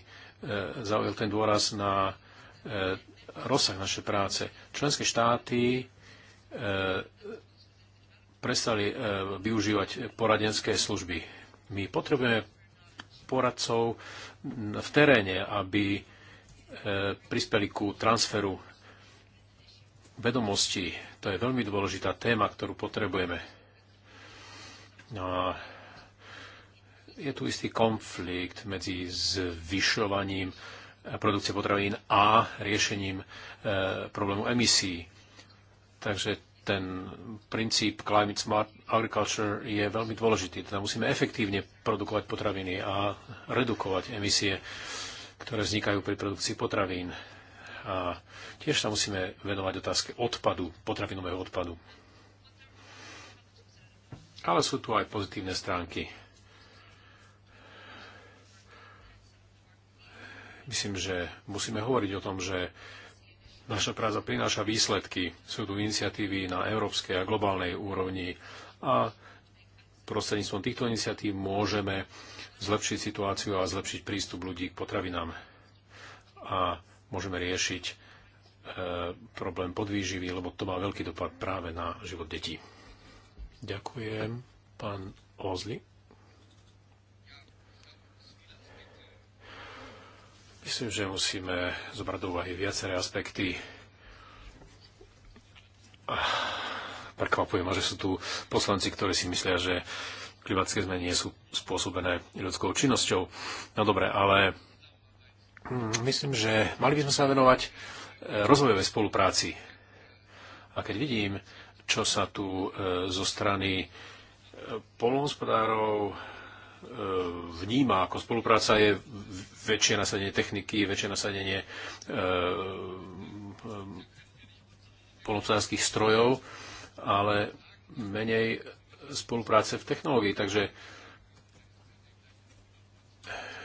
zaujal ten dôraz na rozsah našej práce. Členské štáty e, prestali e, využívať poradenské služby. My potrebujeme poradcov v teréne, aby e, prispeli ku transferu vedomostí. To je veľmi dôležitá téma, ktorú potrebujeme. No a je tu istý konflikt medzi zvyšovaním produkcie potravín a riešením e, problému emisí. Takže ten princíp Climate Smart Agriculture je veľmi dôležitý. Teda musíme efektívne produkovať potraviny a redukovať emisie, ktoré vznikajú pri produkcii potravín. A tiež sa musíme venovať otázke odpadu, potravinového odpadu. Ale sú tu aj pozitívne stránky Myslím, že musíme hovoriť o tom, že naša práca prináša výsledky. Sú tu iniciatívy na európskej a globálnej úrovni a prostredníctvom týchto iniciatív môžeme zlepšiť situáciu a zlepšiť prístup ľudí k potravinám. A môžeme riešiť e, problém podvýživy, lebo to má veľký dopad práve na život detí. Ďakujem, pán Ozli. Myslím, že musíme zobrať do úvahy viaceré aspekty. Prekvapuje ma, že sú tu poslanci, ktorí si myslia, že klimatické zmeny nie sú spôsobené ľudskou činnosťou. No dobre, ale hm, myslím, že mali by sme sa venovať eh, rozvojovej spolupráci. A keď vidím, čo sa tu eh, zo strany eh, polnohospodárov, E, vníma ako spolupráca, je väčšie nasadenie techniky, väčšie nasadenie e, e, polnocenárských strojov, ale menej spolupráce v technológii. Takže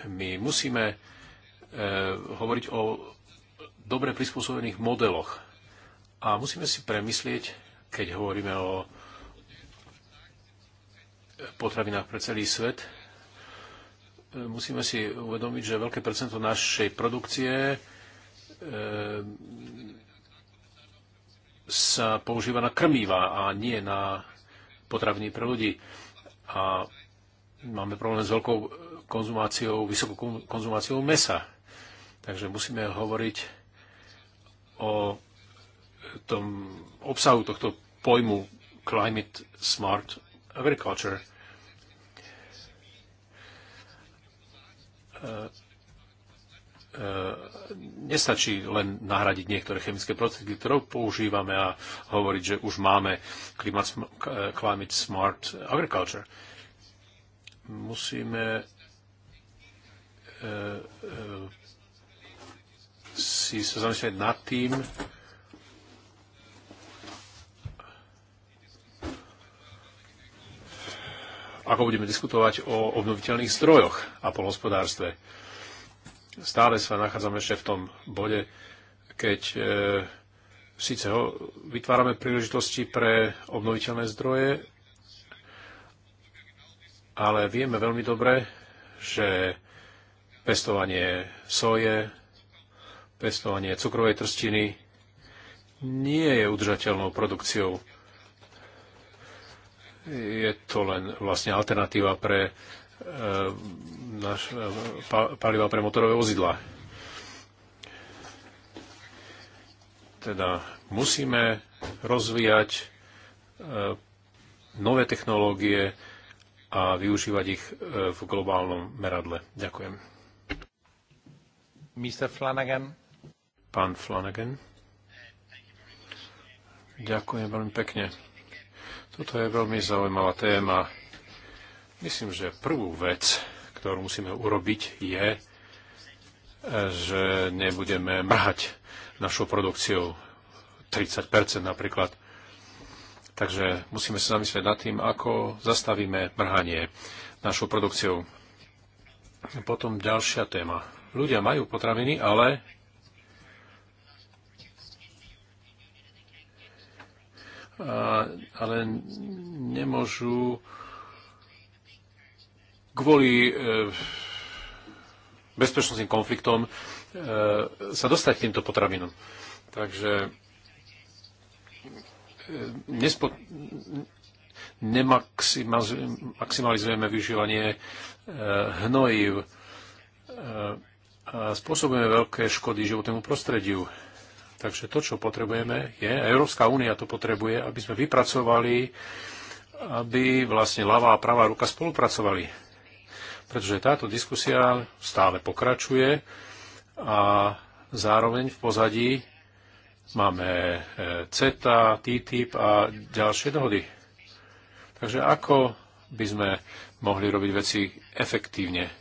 my musíme hovoriť o dobre prispôsobených modeloch. A musíme si premyslieť, keď hovoríme o potravinách pre celý svet, musíme si uvedomiť, že veľké percento našej produkcie e, sa používa na krmíva a nie na potraviny pre ľudí. A máme problém s veľkou konzumáciou, vysokou konzumáciou mesa. Takže musíme hovoriť o tom obsahu tohto pojmu Climate Smart Agriculture. E, e, nestačí len nahradiť niektoré chemické prostriedky, ktoré používame a hovoriť, že už máme e, climate, smart agriculture. Musíme si sa zamyslieť nad tým, ako budeme diskutovať o obnoviteľných zdrojoch a polhospodárstve. Stále sa nachádzame ešte v tom bode, keď e, síce ho, vytvárame príležitosti pre obnoviteľné zdroje, ale vieme veľmi dobre, že pestovanie soje, pestovanie cukrovej trstiny nie je udržateľnou produkciou je to len vlastne alternatíva pre e, naš, e, paliva pre motorové vozidla. Teda musíme rozvíjať e, nové technológie a využívať ich e, v globálnom meradle. Ďakujem. Mr. Flanagan. Pán Flanagan. Ďakujem veľmi pekne. Toto je veľmi zaujímavá téma. Myslím, že prvú vec, ktorú musíme urobiť, je, e, že nebudeme mrhať našou produkciou 30 napríklad. Takže musíme sa zamyslieť nad tým, ako zastavíme mrhanie našou produkciou. Potom ďalšia téma. Ľudia majú potraviny, ale ale nemôžu kvôli e, bezpečnostným konfliktom e, sa dostať k týmto potravinom. Takže e, nespo, nemaximalizujeme využívanie hnojiv a spôsobujeme veľké škody životnému prostrediu. Takže to, čo potrebujeme, je, a Európska únia to potrebuje, aby sme vypracovali, aby vlastne ľavá a pravá ruka spolupracovali. Pretože táto diskusia stále pokračuje a zároveň v pozadí máme e, CETA, TTIP a ďalšie dohody. Takže ako by sme mohli robiť veci efektívne?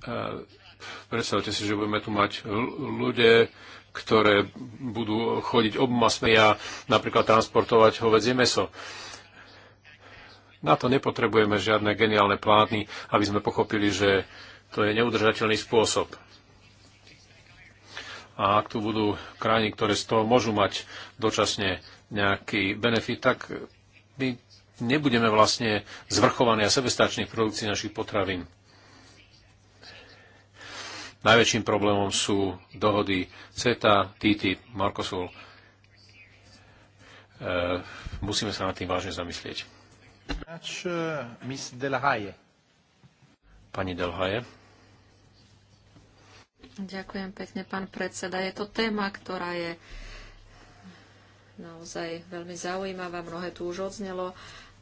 Eh, predstavte si, že budeme tu mať ľudia, ktoré budú chodiť obmasné a napríklad transportovať hovedzie meso. Na to nepotrebujeme žiadne geniálne plány, aby sme pochopili, že to je neudržateľný spôsob. A ak tu budú krajiny, ktoré z toho môžu mať dočasne nejaký benefit, tak my nebudeme vlastne zvrchovaní a sebestační v produkcii našich potravín. Najväčším problémom sú dohody CETA, TTIP, Markosul. E, musíme sa nad tým vážne zamyslieť. E, Pani Delhaje. Ďakujem pekne, pán predseda. Je to téma, ktorá je naozaj veľmi zaujímavá. Mnohé tu už odznelo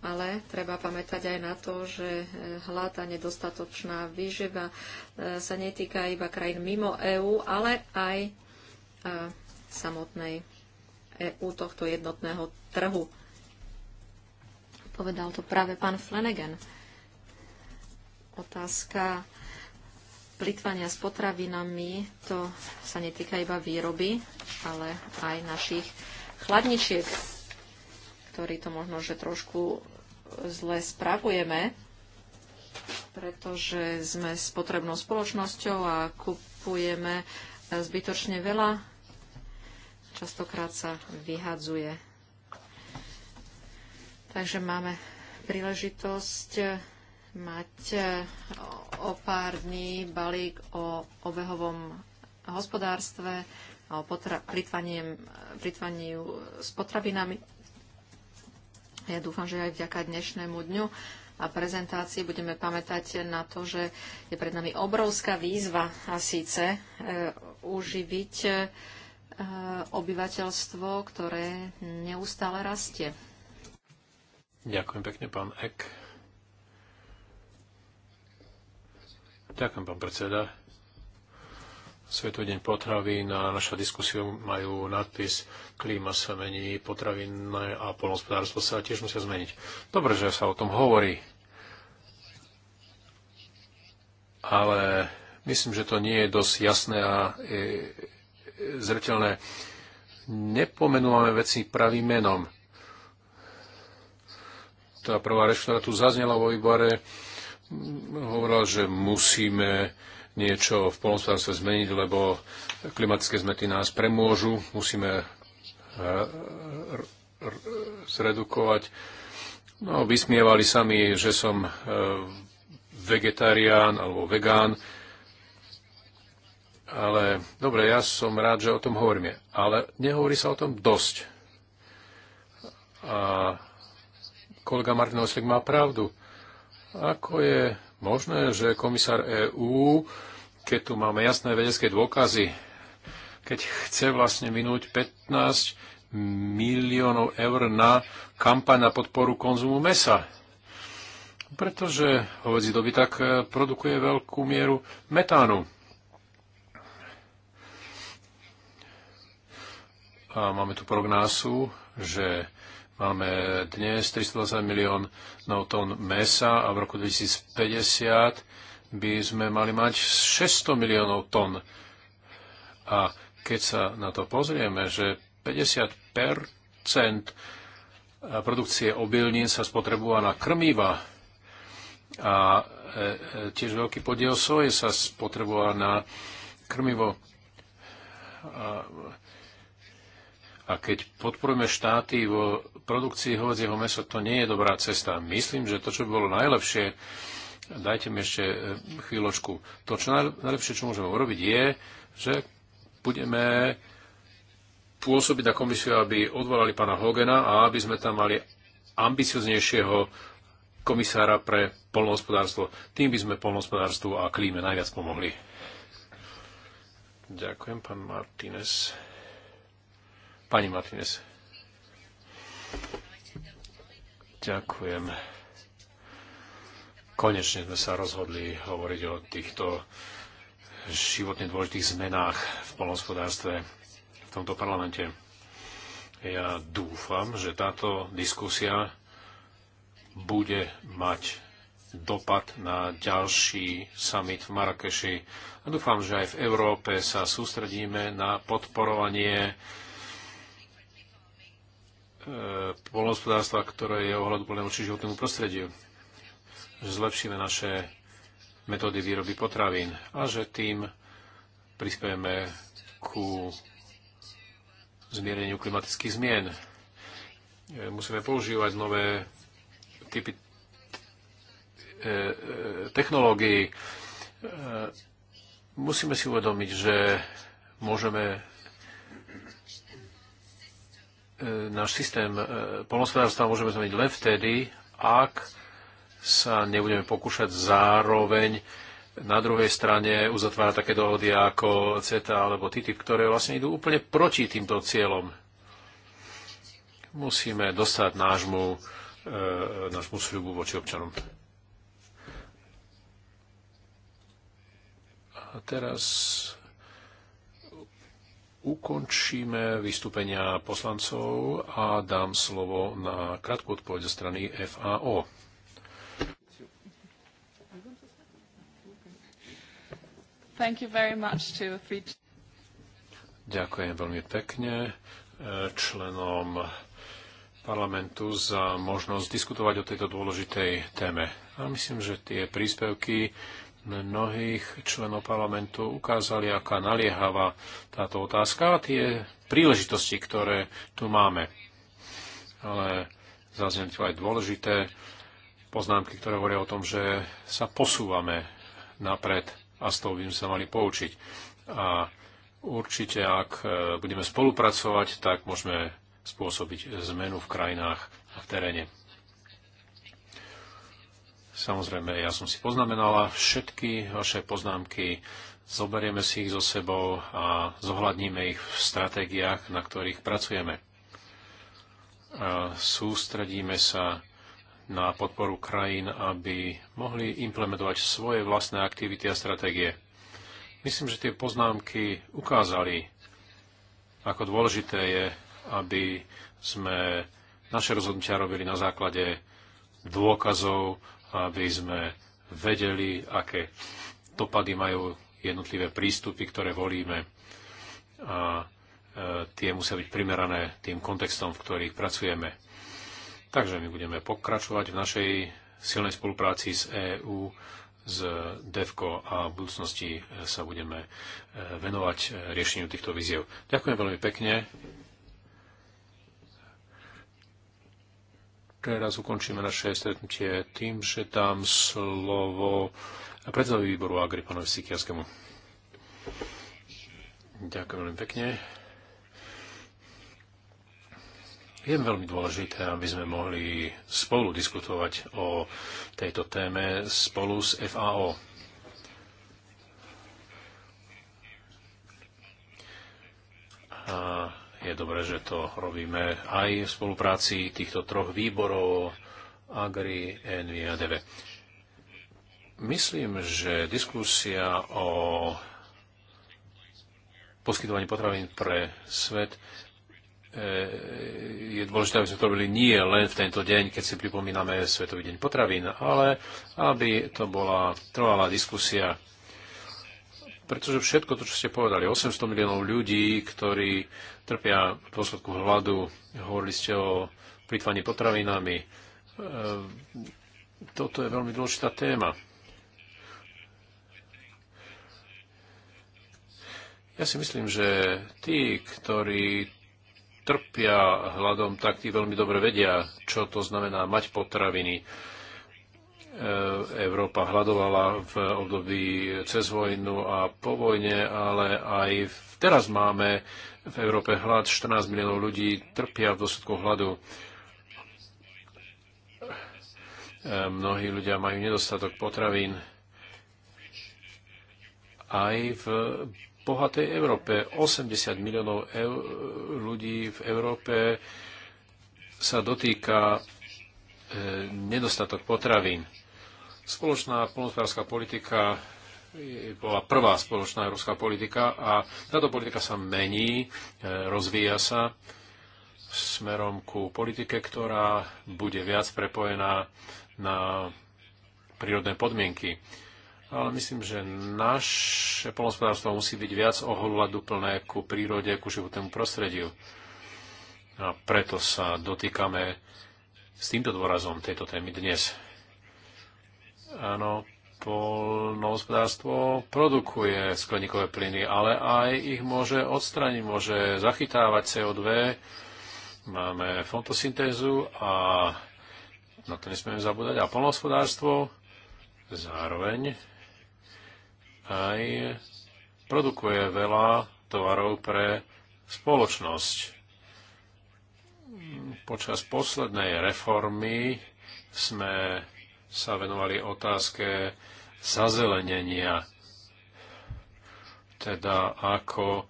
ale treba pamätať aj na to, že e, hlad a nedostatočná výživa e, sa netýka iba krajín mimo EÚ, ale aj e, samotnej EÚ tohto jednotného trhu. Povedal to práve pán Flanagan. Otázka plitvania s potravinami, to sa netýka iba výroby, ale aj našich chladničiek ktorí to možno, že trošku e, zle spravujeme, pretože sme s potrebnou spoločnosťou a kupujeme e, zbytočne veľa. Častokrát sa vyhadzuje. Takže máme príležitosť e, mať o pár dní balík o obehovom hospodárstve, o plitvaní s potravinami ja dúfam, že aj vďaka dnešnému dňu a prezentácii budeme pamätať na to, že je pred nami obrovská výzva a síce e, uživiť e, obyvateľstvo, ktoré neustále rastie. Ďakujem pekne, pán Ek. Ďakujem, pán predseda. Svetový deň potravín a naša diskusia majú nadpis Klíma sa mení, potravinné a polnospodárstvo sa tiež musia zmeniť. Dobre, že sa o tom hovorí, ale myslím, že to nie je dosť jasné a e, zretelné. Nepomenúvame veci pravým menom. Tá prvá reč, ktorá tu zaznela vo výbore, hovorila, že musíme niečo v polnospodárstve zmeniť, lebo klimatické zmety nás premôžu, musíme eh, zredukovať. No, vysmievali sa mi, že som eh, vegetarián alebo vegán, ale dobre, ja som rád, že o tom hovoríme, ale nehovorí sa o tom dosť. A kolega Martin Oslik má pravdu. Ako je možné, že komisár EÚ, keď tu máme jasné vedecké dôkazy, keď chce vlastne minúť 15 miliónov eur na kampaň na podporu konzumu mesa. Pretože hovedzí tak e, produkuje veľkú mieru metánu. A máme tu prognázu, že Máme dnes 320 miliónov tón mesa a v roku 2050 by sme mali mať 600 miliónov tón. A keď sa na to pozrieme, že 50 produkcie obilnín sa spotrebuje na krmiva a e, e, tiež veľký podiel soje sa spotrebuje na krmivo. A a keď podporujeme štáty vo produkcii hovedzieho mesa, to nie je dobrá cesta. Myslím, že to, čo by bolo najlepšie, dajte mi ešte eh, chvíľočku, to, čo najlepšie, čo môžeme urobiť, je, že budeme pôsobiť na komisiu, aby odvolali pána Hogena a aby sme tam mali ambicioznejšieho komisára pre polnohospodárstvo. Tým by sme polnohospodárstvu a klíme najviac pomohli. Ďakujem, pán Martínez. Pani Martinez. Ďakujem. Konečne sme sa rozhodli hovoriť o týchto životne dôležitých zmenách v polnospodárstve v tomto parlamente. Ja dúfam, že táto diskusia bude mať dopad na ďalší summit v Marrakeši. A dúfam, že aj v Európe sa sústredíme na podporovanie E, polnohospodárstva, ktoré je ohľadu plné voči životnému prostrediu. Že zlepšíme naše metódy výroby potravín a že tým prispieme ku zmiereniu klimatických zmien. E, musíme používať nové typy e, technológií. Musíme si uvedomiť, že môžeme E, náš systém e, polnospodárstva môžeme zmeniť len vtedy, ak sa nebudeme pokúšať zároveň na druhej strane uzatvárať také dohody ako CETA alebo TTIP, ktoré vlastne idú úplne proti týmto cieľom. Musíme dostať nášmu, e, nášmu sľubu voči občanom. A teraz ukončíme vystúpenia poslancov a dám slovo na krátku odpoveď zo strany FAO. Thank you very much to Ďakujem veľmi pekne eh, členom parlamentu za možnosť diskutovať o tejto dôležitej téme. A myslím, že tie príspevky mnohých členov parlamentu ukázali, aká naliehava táto otázka a tie príležitosti, ktoré tu máme. Ale zazneli tu aj dôležité poznámky, ktoré hovoria o tom, že sa posúvame napred a z toho by sme sa mali poučiť. A určite, ak e, budeme spolupracovať, tak môžeme spôsobiť zmenu v krajinách a v teréne. Samozrejme, ja som si poznamenala všetky vaše poznámky, zoberieme si ich so sebou a zohľadníme ich v stratégiách, na ktorých pracujeme. A sústredíme sa na podporu krajín, aby mohli implementovať svoje vlastné aktivity a stratégie. Myslím, že tie poznámky ukázali, ako dôležité je, aby sme naše rozhodnutia robili na základe dôkazov aby sme vedeli, aké dopady majú jednotlivé prístupy, ktoré volíme. A e, tie musia byť primerané tým kontextom, v ktorých pracujeme. Takže my budeme pokračovať v našej silnej spolupráci s EÚ, s DEVKO a v budúcnosti sa budeme e, venovať e, riešeniu týchto víziev. Ďakujem veľmi pekne. Teraz ukončíme naše stretnutie tým, že dám slovo predsedovi výboru Agripanovi Sikiaskému. Ďakujem veľmi pekne. Je veľmi dôležité, aby sme mohli spolu diskutovať o tejto téme spolu s FAO. je dobré, že to robíme aj v spolupráci týchto troch výborov Agri, Envy a DV. Myslím, že diskusia o poskytovaní potravín pre svet e, je dôležité, aby sme to robili nie len v tento deň, keď si pripomíname Svetový deň potravín, ale aby to bola trvalá diskusia pretože všetko to, čo ste povedali, 800 miliónov ľudí, ktorí trpia v dôsledku hladu, hovorili ste o plýtvaní potravinami, e, toto je veľmi dôležitá téma. Ja si myslím, že tí, ktorí trpia hladom, tak tí veľmi dobre vedia, čo to znamená mať potraviny E, Európa hľadovala v období cez vojnu a po vojne, ale aj teraz máme v Európe hlad. 14 miliónov ľudí trpia v dôsledku hladu. E, mnohí ľudia majú nedostatok potravín. Aj v bohatej Európe 80 miliónov eur, ľudí v Európe sa dotýka e, nedostatok potravín. Spoločná polnospodárska politika bola prvá spoločná európska politika a táto politika sa mení, e, rozvíja sa smerom ku politike, ktorá bude viac prepojená na prírodné podmienky. Ale myslím, že naše polnospodárstvo musí byť viac ohľaduplné ku prírode, ku životnému prostrediu. A preto sa dotýkame s týmto dôrazom tejto témy dnes. Áno, polnohospodárstvo produkuje skleníkové plyny, ale aj ich môže odstraniť, môže zachytávať CO2. Máme fotosyntézu a na to nesmieme zabúdať. A polnohospodárstvo zároveň aj produkuje veľa tovarov pre spoločnosť. Počas poslednej reformy sme sa venovali otázke zazelenenia, teda ako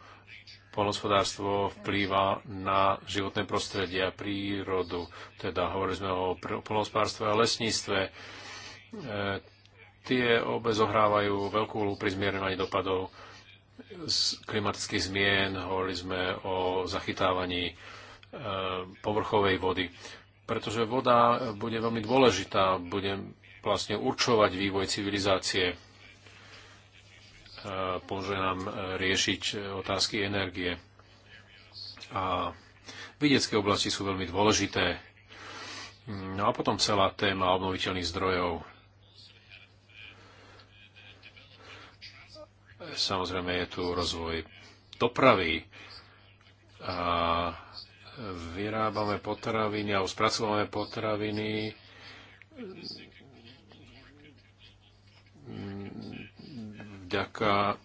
polnospodárstvo vplýva na životné prostredie a prírodu. Teda hovorili sme o polnospodárstve a lesníctve. E, tie obe zohrávajú veľkú úlohu pri zmierňovaní dopadov z klimatických zmien, hovorili sme o zachytávaní e, povrchovej vody pretože voda bude veľmi dôležitá, bude vlastne určovať vývoj civilizácie. E, pomôže nám e, riešiť e, otázky energie. A vidiecké oblasti sú veľmi dôležité. No a potom celá téma obnoviteľných zdrojov. Samozrejme je tu rozvoj dopravy a vyrábame potraviny alebo spracovávame potraviny vďaka e,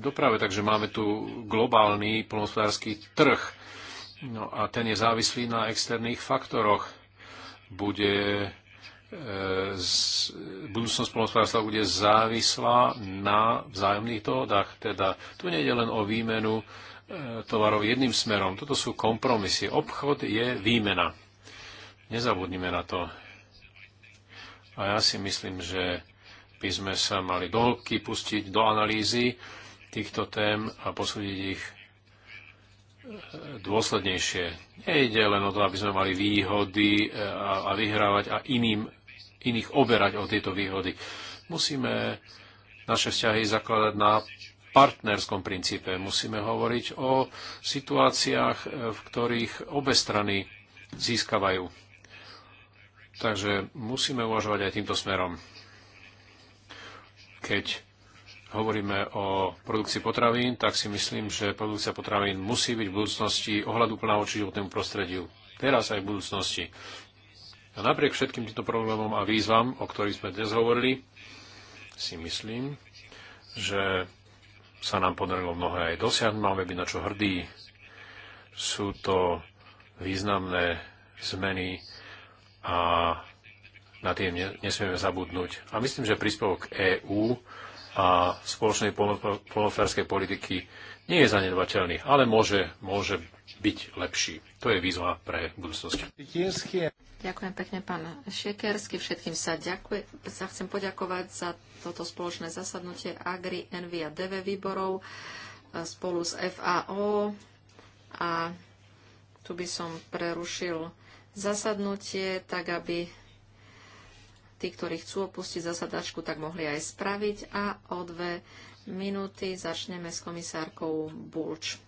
doprave, takže máme tu globálny polnospodársky trh. No a ten je závislý na externých faktoroch. Bude e, z, budúcnosť polnospodárstva bude závislá na vzájomných dohodách. Teda tu nejde len o výmenu tovarov jedným smerom. Toto sú kompromisy. Obchod je výmena. Nezabudnime na to. A ja si myslím, že by sme sa mali do pustiť do analýzy týchto tém a posúdiť ich e, dôslednejšie. Nejde len o to, aby sme mali výhody e, a, a vyhrávať a iným, iných oberať o tieto výhody. Musíme naše vzťahy zakladať na partnerskom princípe. Musíme hovoriť o situáciách, e, v ktorých obe strany získavajú. Takže musíme uvažovať aj týmto smerom. Keď hovoríme o produkcii potravín, tak si myslím, že produkcia potravín musí byť v budúcnosti ohľadúplná voči životnému prostrediu. Teraz aj v budúcnosti. A napriek všetkým týmto problémom a výzvam, o ktorých sme dnes hovorili, si myslím, že sa nám podarilo mnohé aj dosiahnuť, máme byť na čo hrdí. Sú to významné zmeny a na tie nesmieme zabudnúť. A myslím, že príspevok EÚ a spoločnej polnoferskej politiky nie je zanedbateľný, ale môže, môže byť lepší. To je výzva pre budúcnosť. Ďakujem pekne, pán Šekersky. Všetkým sa, ďakuj- sa chcem poďakovať za toto spoločné zasadnutie Agri, Envy a DV výborov e, spolu s FAO. A tu by som prerušil zasadnutie, tak aby tí, ktorí chcú opustiť zasadačku, tak mohli aj spraviť. A o dve minúty začneme s komisárkou Bulč.